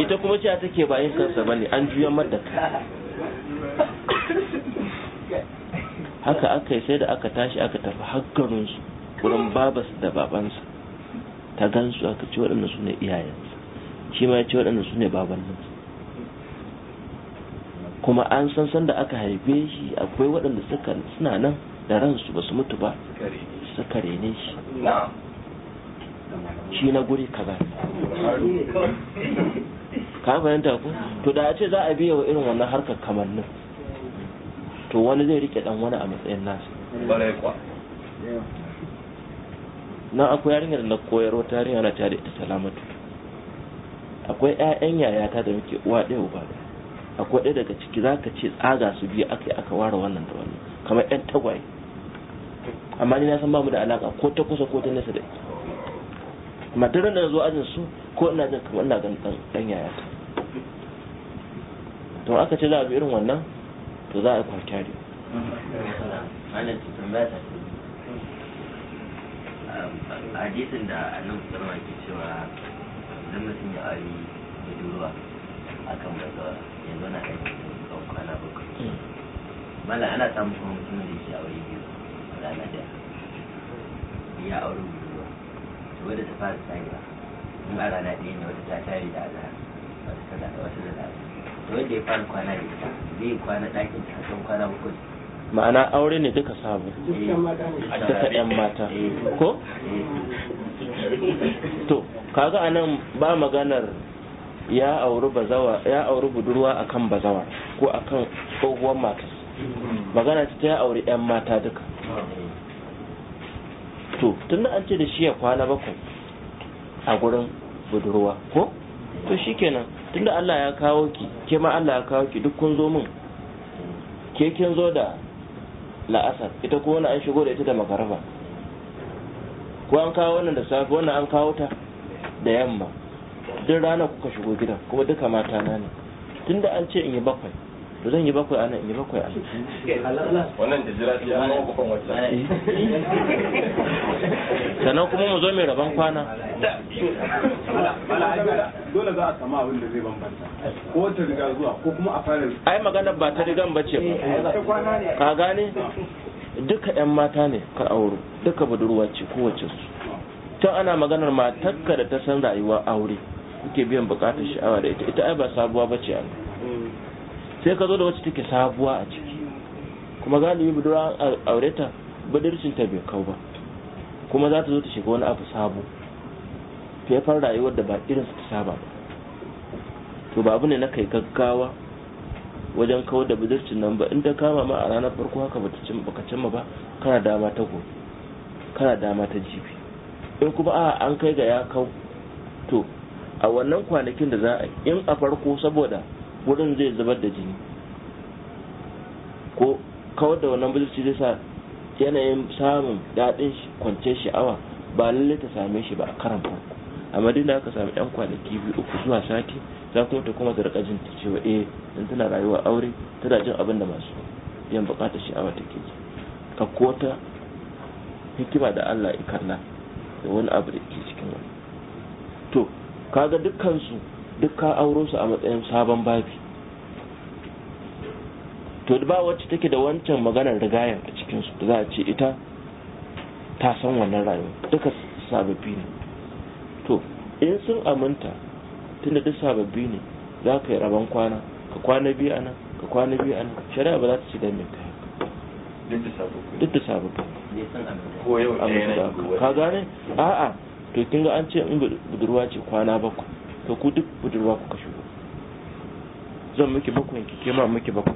ita kuma ce take bayan kansa bane an juya mata haka aka yi sai da aka tashi aka tafi su wurin babas da babansa ta gansu aka ce waɗanda su ne iyayensa shi ma ya ce waɗanda su ne babanninsa kuma an san san da aka haife shi akwai waɗanda suka suna nan da ransu ba su mutu ba suka rene shi shi na guri kaza ka fahimta ku to da a ce za a biya wa irin wannan harkar kamannin to wani zai rike dan wani a matsayin nasa na akwai yarinyar da na koyar wata yarinya na tare ta salamatu akwai 'ya'yan yayata da muke uwa ɗaya uba ɗaya akwai ɗaya daga ciki za ka ce tsaga su biyu aka aka ware wannan da wannan kamar ɗan tagwaye amma ni na san bamu da alaka ko ta kusa ko ta nesa da ita amma duk da zo ajin su ko ina jin kamar ina ganin ɗan yaya ta to aka ce za a bi irin wannan to za a yi kwakyari um, hadisin da annabi sallama ke cewa idan mutum ya ari duruwa akan daga yanzu na aiki da kwana bakwai hmm. mala ana samu kuma mutumin da ke aure biyu a rana da ya aure budurwa to wadda ta fara tarewa in a rana ɗaya ne wata ta tare da ala wata ta da wata da ala da wadda ya fara kwana da ita zai kwana ɗakin ta san kwana bakwai ma'ana aure ne duka sabu eh. duka yan mata eh. ko eh. to kaga anan ba maganar ya auri bazawa ya auri budurwa akan bazawa ko akan tsohuwar mata magana ta ya auri yan mata duka to tun da an ce da shi ya kwana bakwai a gurin budurwa ko to shi Tun da Allah ya kawo ki ke ma Allah ya kawo ki duk kun zo min ke kin zo da la'asar ita ko wani an shigo da ita da makaraba ko an kawo wannan da safe wannan an kawo ta da yamma duk rana kuka shigo gidan kuma duka mata na ne tunda an ce in yi bakwai to zan yi bakwai ana in yi bakwai ana wannan da jira kufan wata sannan kuma mu zo mai rabon kwana dole za a sama abin da zai bambanta ko ta riga zuwa ko kuma a fara ai magana ba ta rigan ba ce ka gane duka yan mata ne ka auro duka budurwa ce kowace su tun ana maganar matakka da ta san rayuwar aure kuke biyan bukatar sha'awa da ita ita ai ba sabuwa bace a sai ka zo da wacce take sabuwa a ciki kuma galibi budurwa aureta budurcin ta bai kau ba kuma za ta zo ta shiga wani abu sabu fefan rayuwar da ba irin su ta saba ba to ba abu ne na kai gaggawa wajen kawar da budurcin nan ba in ta kama ma a ranar farko haka ta cin ba cimma ba kana dama ta gobe kana dama ta jibi in kuma a an kai ga ya kau to a wannan kwanakin da za a in a farko saboda wurin zai zubar da jini ko kawar da wannan buzurci zai sa yanayin samun daɗin kwanciyar sha'awa ba lalle ta same shi ba a karan farko amma duk da aka samu yan kwanaki biyu uku zuwa sati za kuma ta kuma ta rika jin ta cewa eh in tana rayuwa aure tana jin abin da masu biyan bukatar sha'awa take ji a kota hikima da Allah ikalla da wani abu da ke cikin wani to kaga dukkansu duk ka auro su a matsayin sabon babi to ba wacce take da wancan maganar rigayen a cikinsu da za a ce ita ta san wannan rayuwa duka sababbi ne to in sun aminta tunda duk sababbi ne za ka yi rabon kwana ka kwana biyu a nan ka kwana biyu a nan shari'a ba za ta ci da mai kayan duk da sababbi ko yau ka gane a'a to kin ga an ce in budurwa ce kwana bakwai to ku duk budurwa kuka shigo zan miki bakwai ki ke ma miki bakwai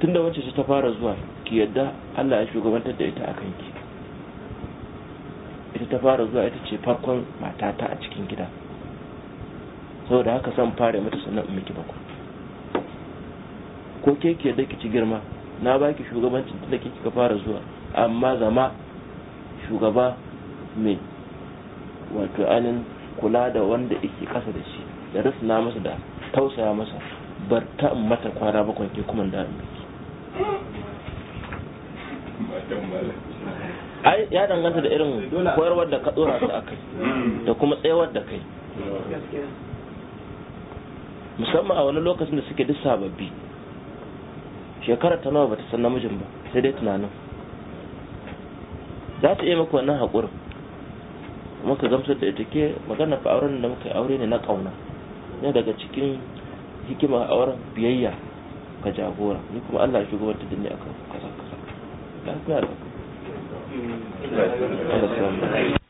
tunda wacce ta fara zuwa ki yadda Allah ya shugabantar da ita akan ki ita ta fara zuwa ita ce farkon matata a cikin gida saboda haka san fara mata sannan in miki bakwai ko ke ki yadda ki ci girma na baki shugabancin tunda ke kika fara zuwa amma zama shugaba mai wato ainihin kula da wanda yake kasa da shi da rusuna masa da tausaya masa bar ta mata kwana bakwai ke kuma da ai ya danganta da irin koyarwar da ka tsora su a kai da kuma tsayawar da kai musamman a wani lokacin da suke duk sababbi shekarar ta nawa ba ta san namijin ba sai dai tunanin za ta iya maka wannan haƙurin muka gamsar da ita ke magana fa auren da muka yi aure ne na kauna ne daga cikin hikimar auren biyayya ka jagora ni kuma Allah ya shigo wata dinni akan kasa kasa lafiya da Allah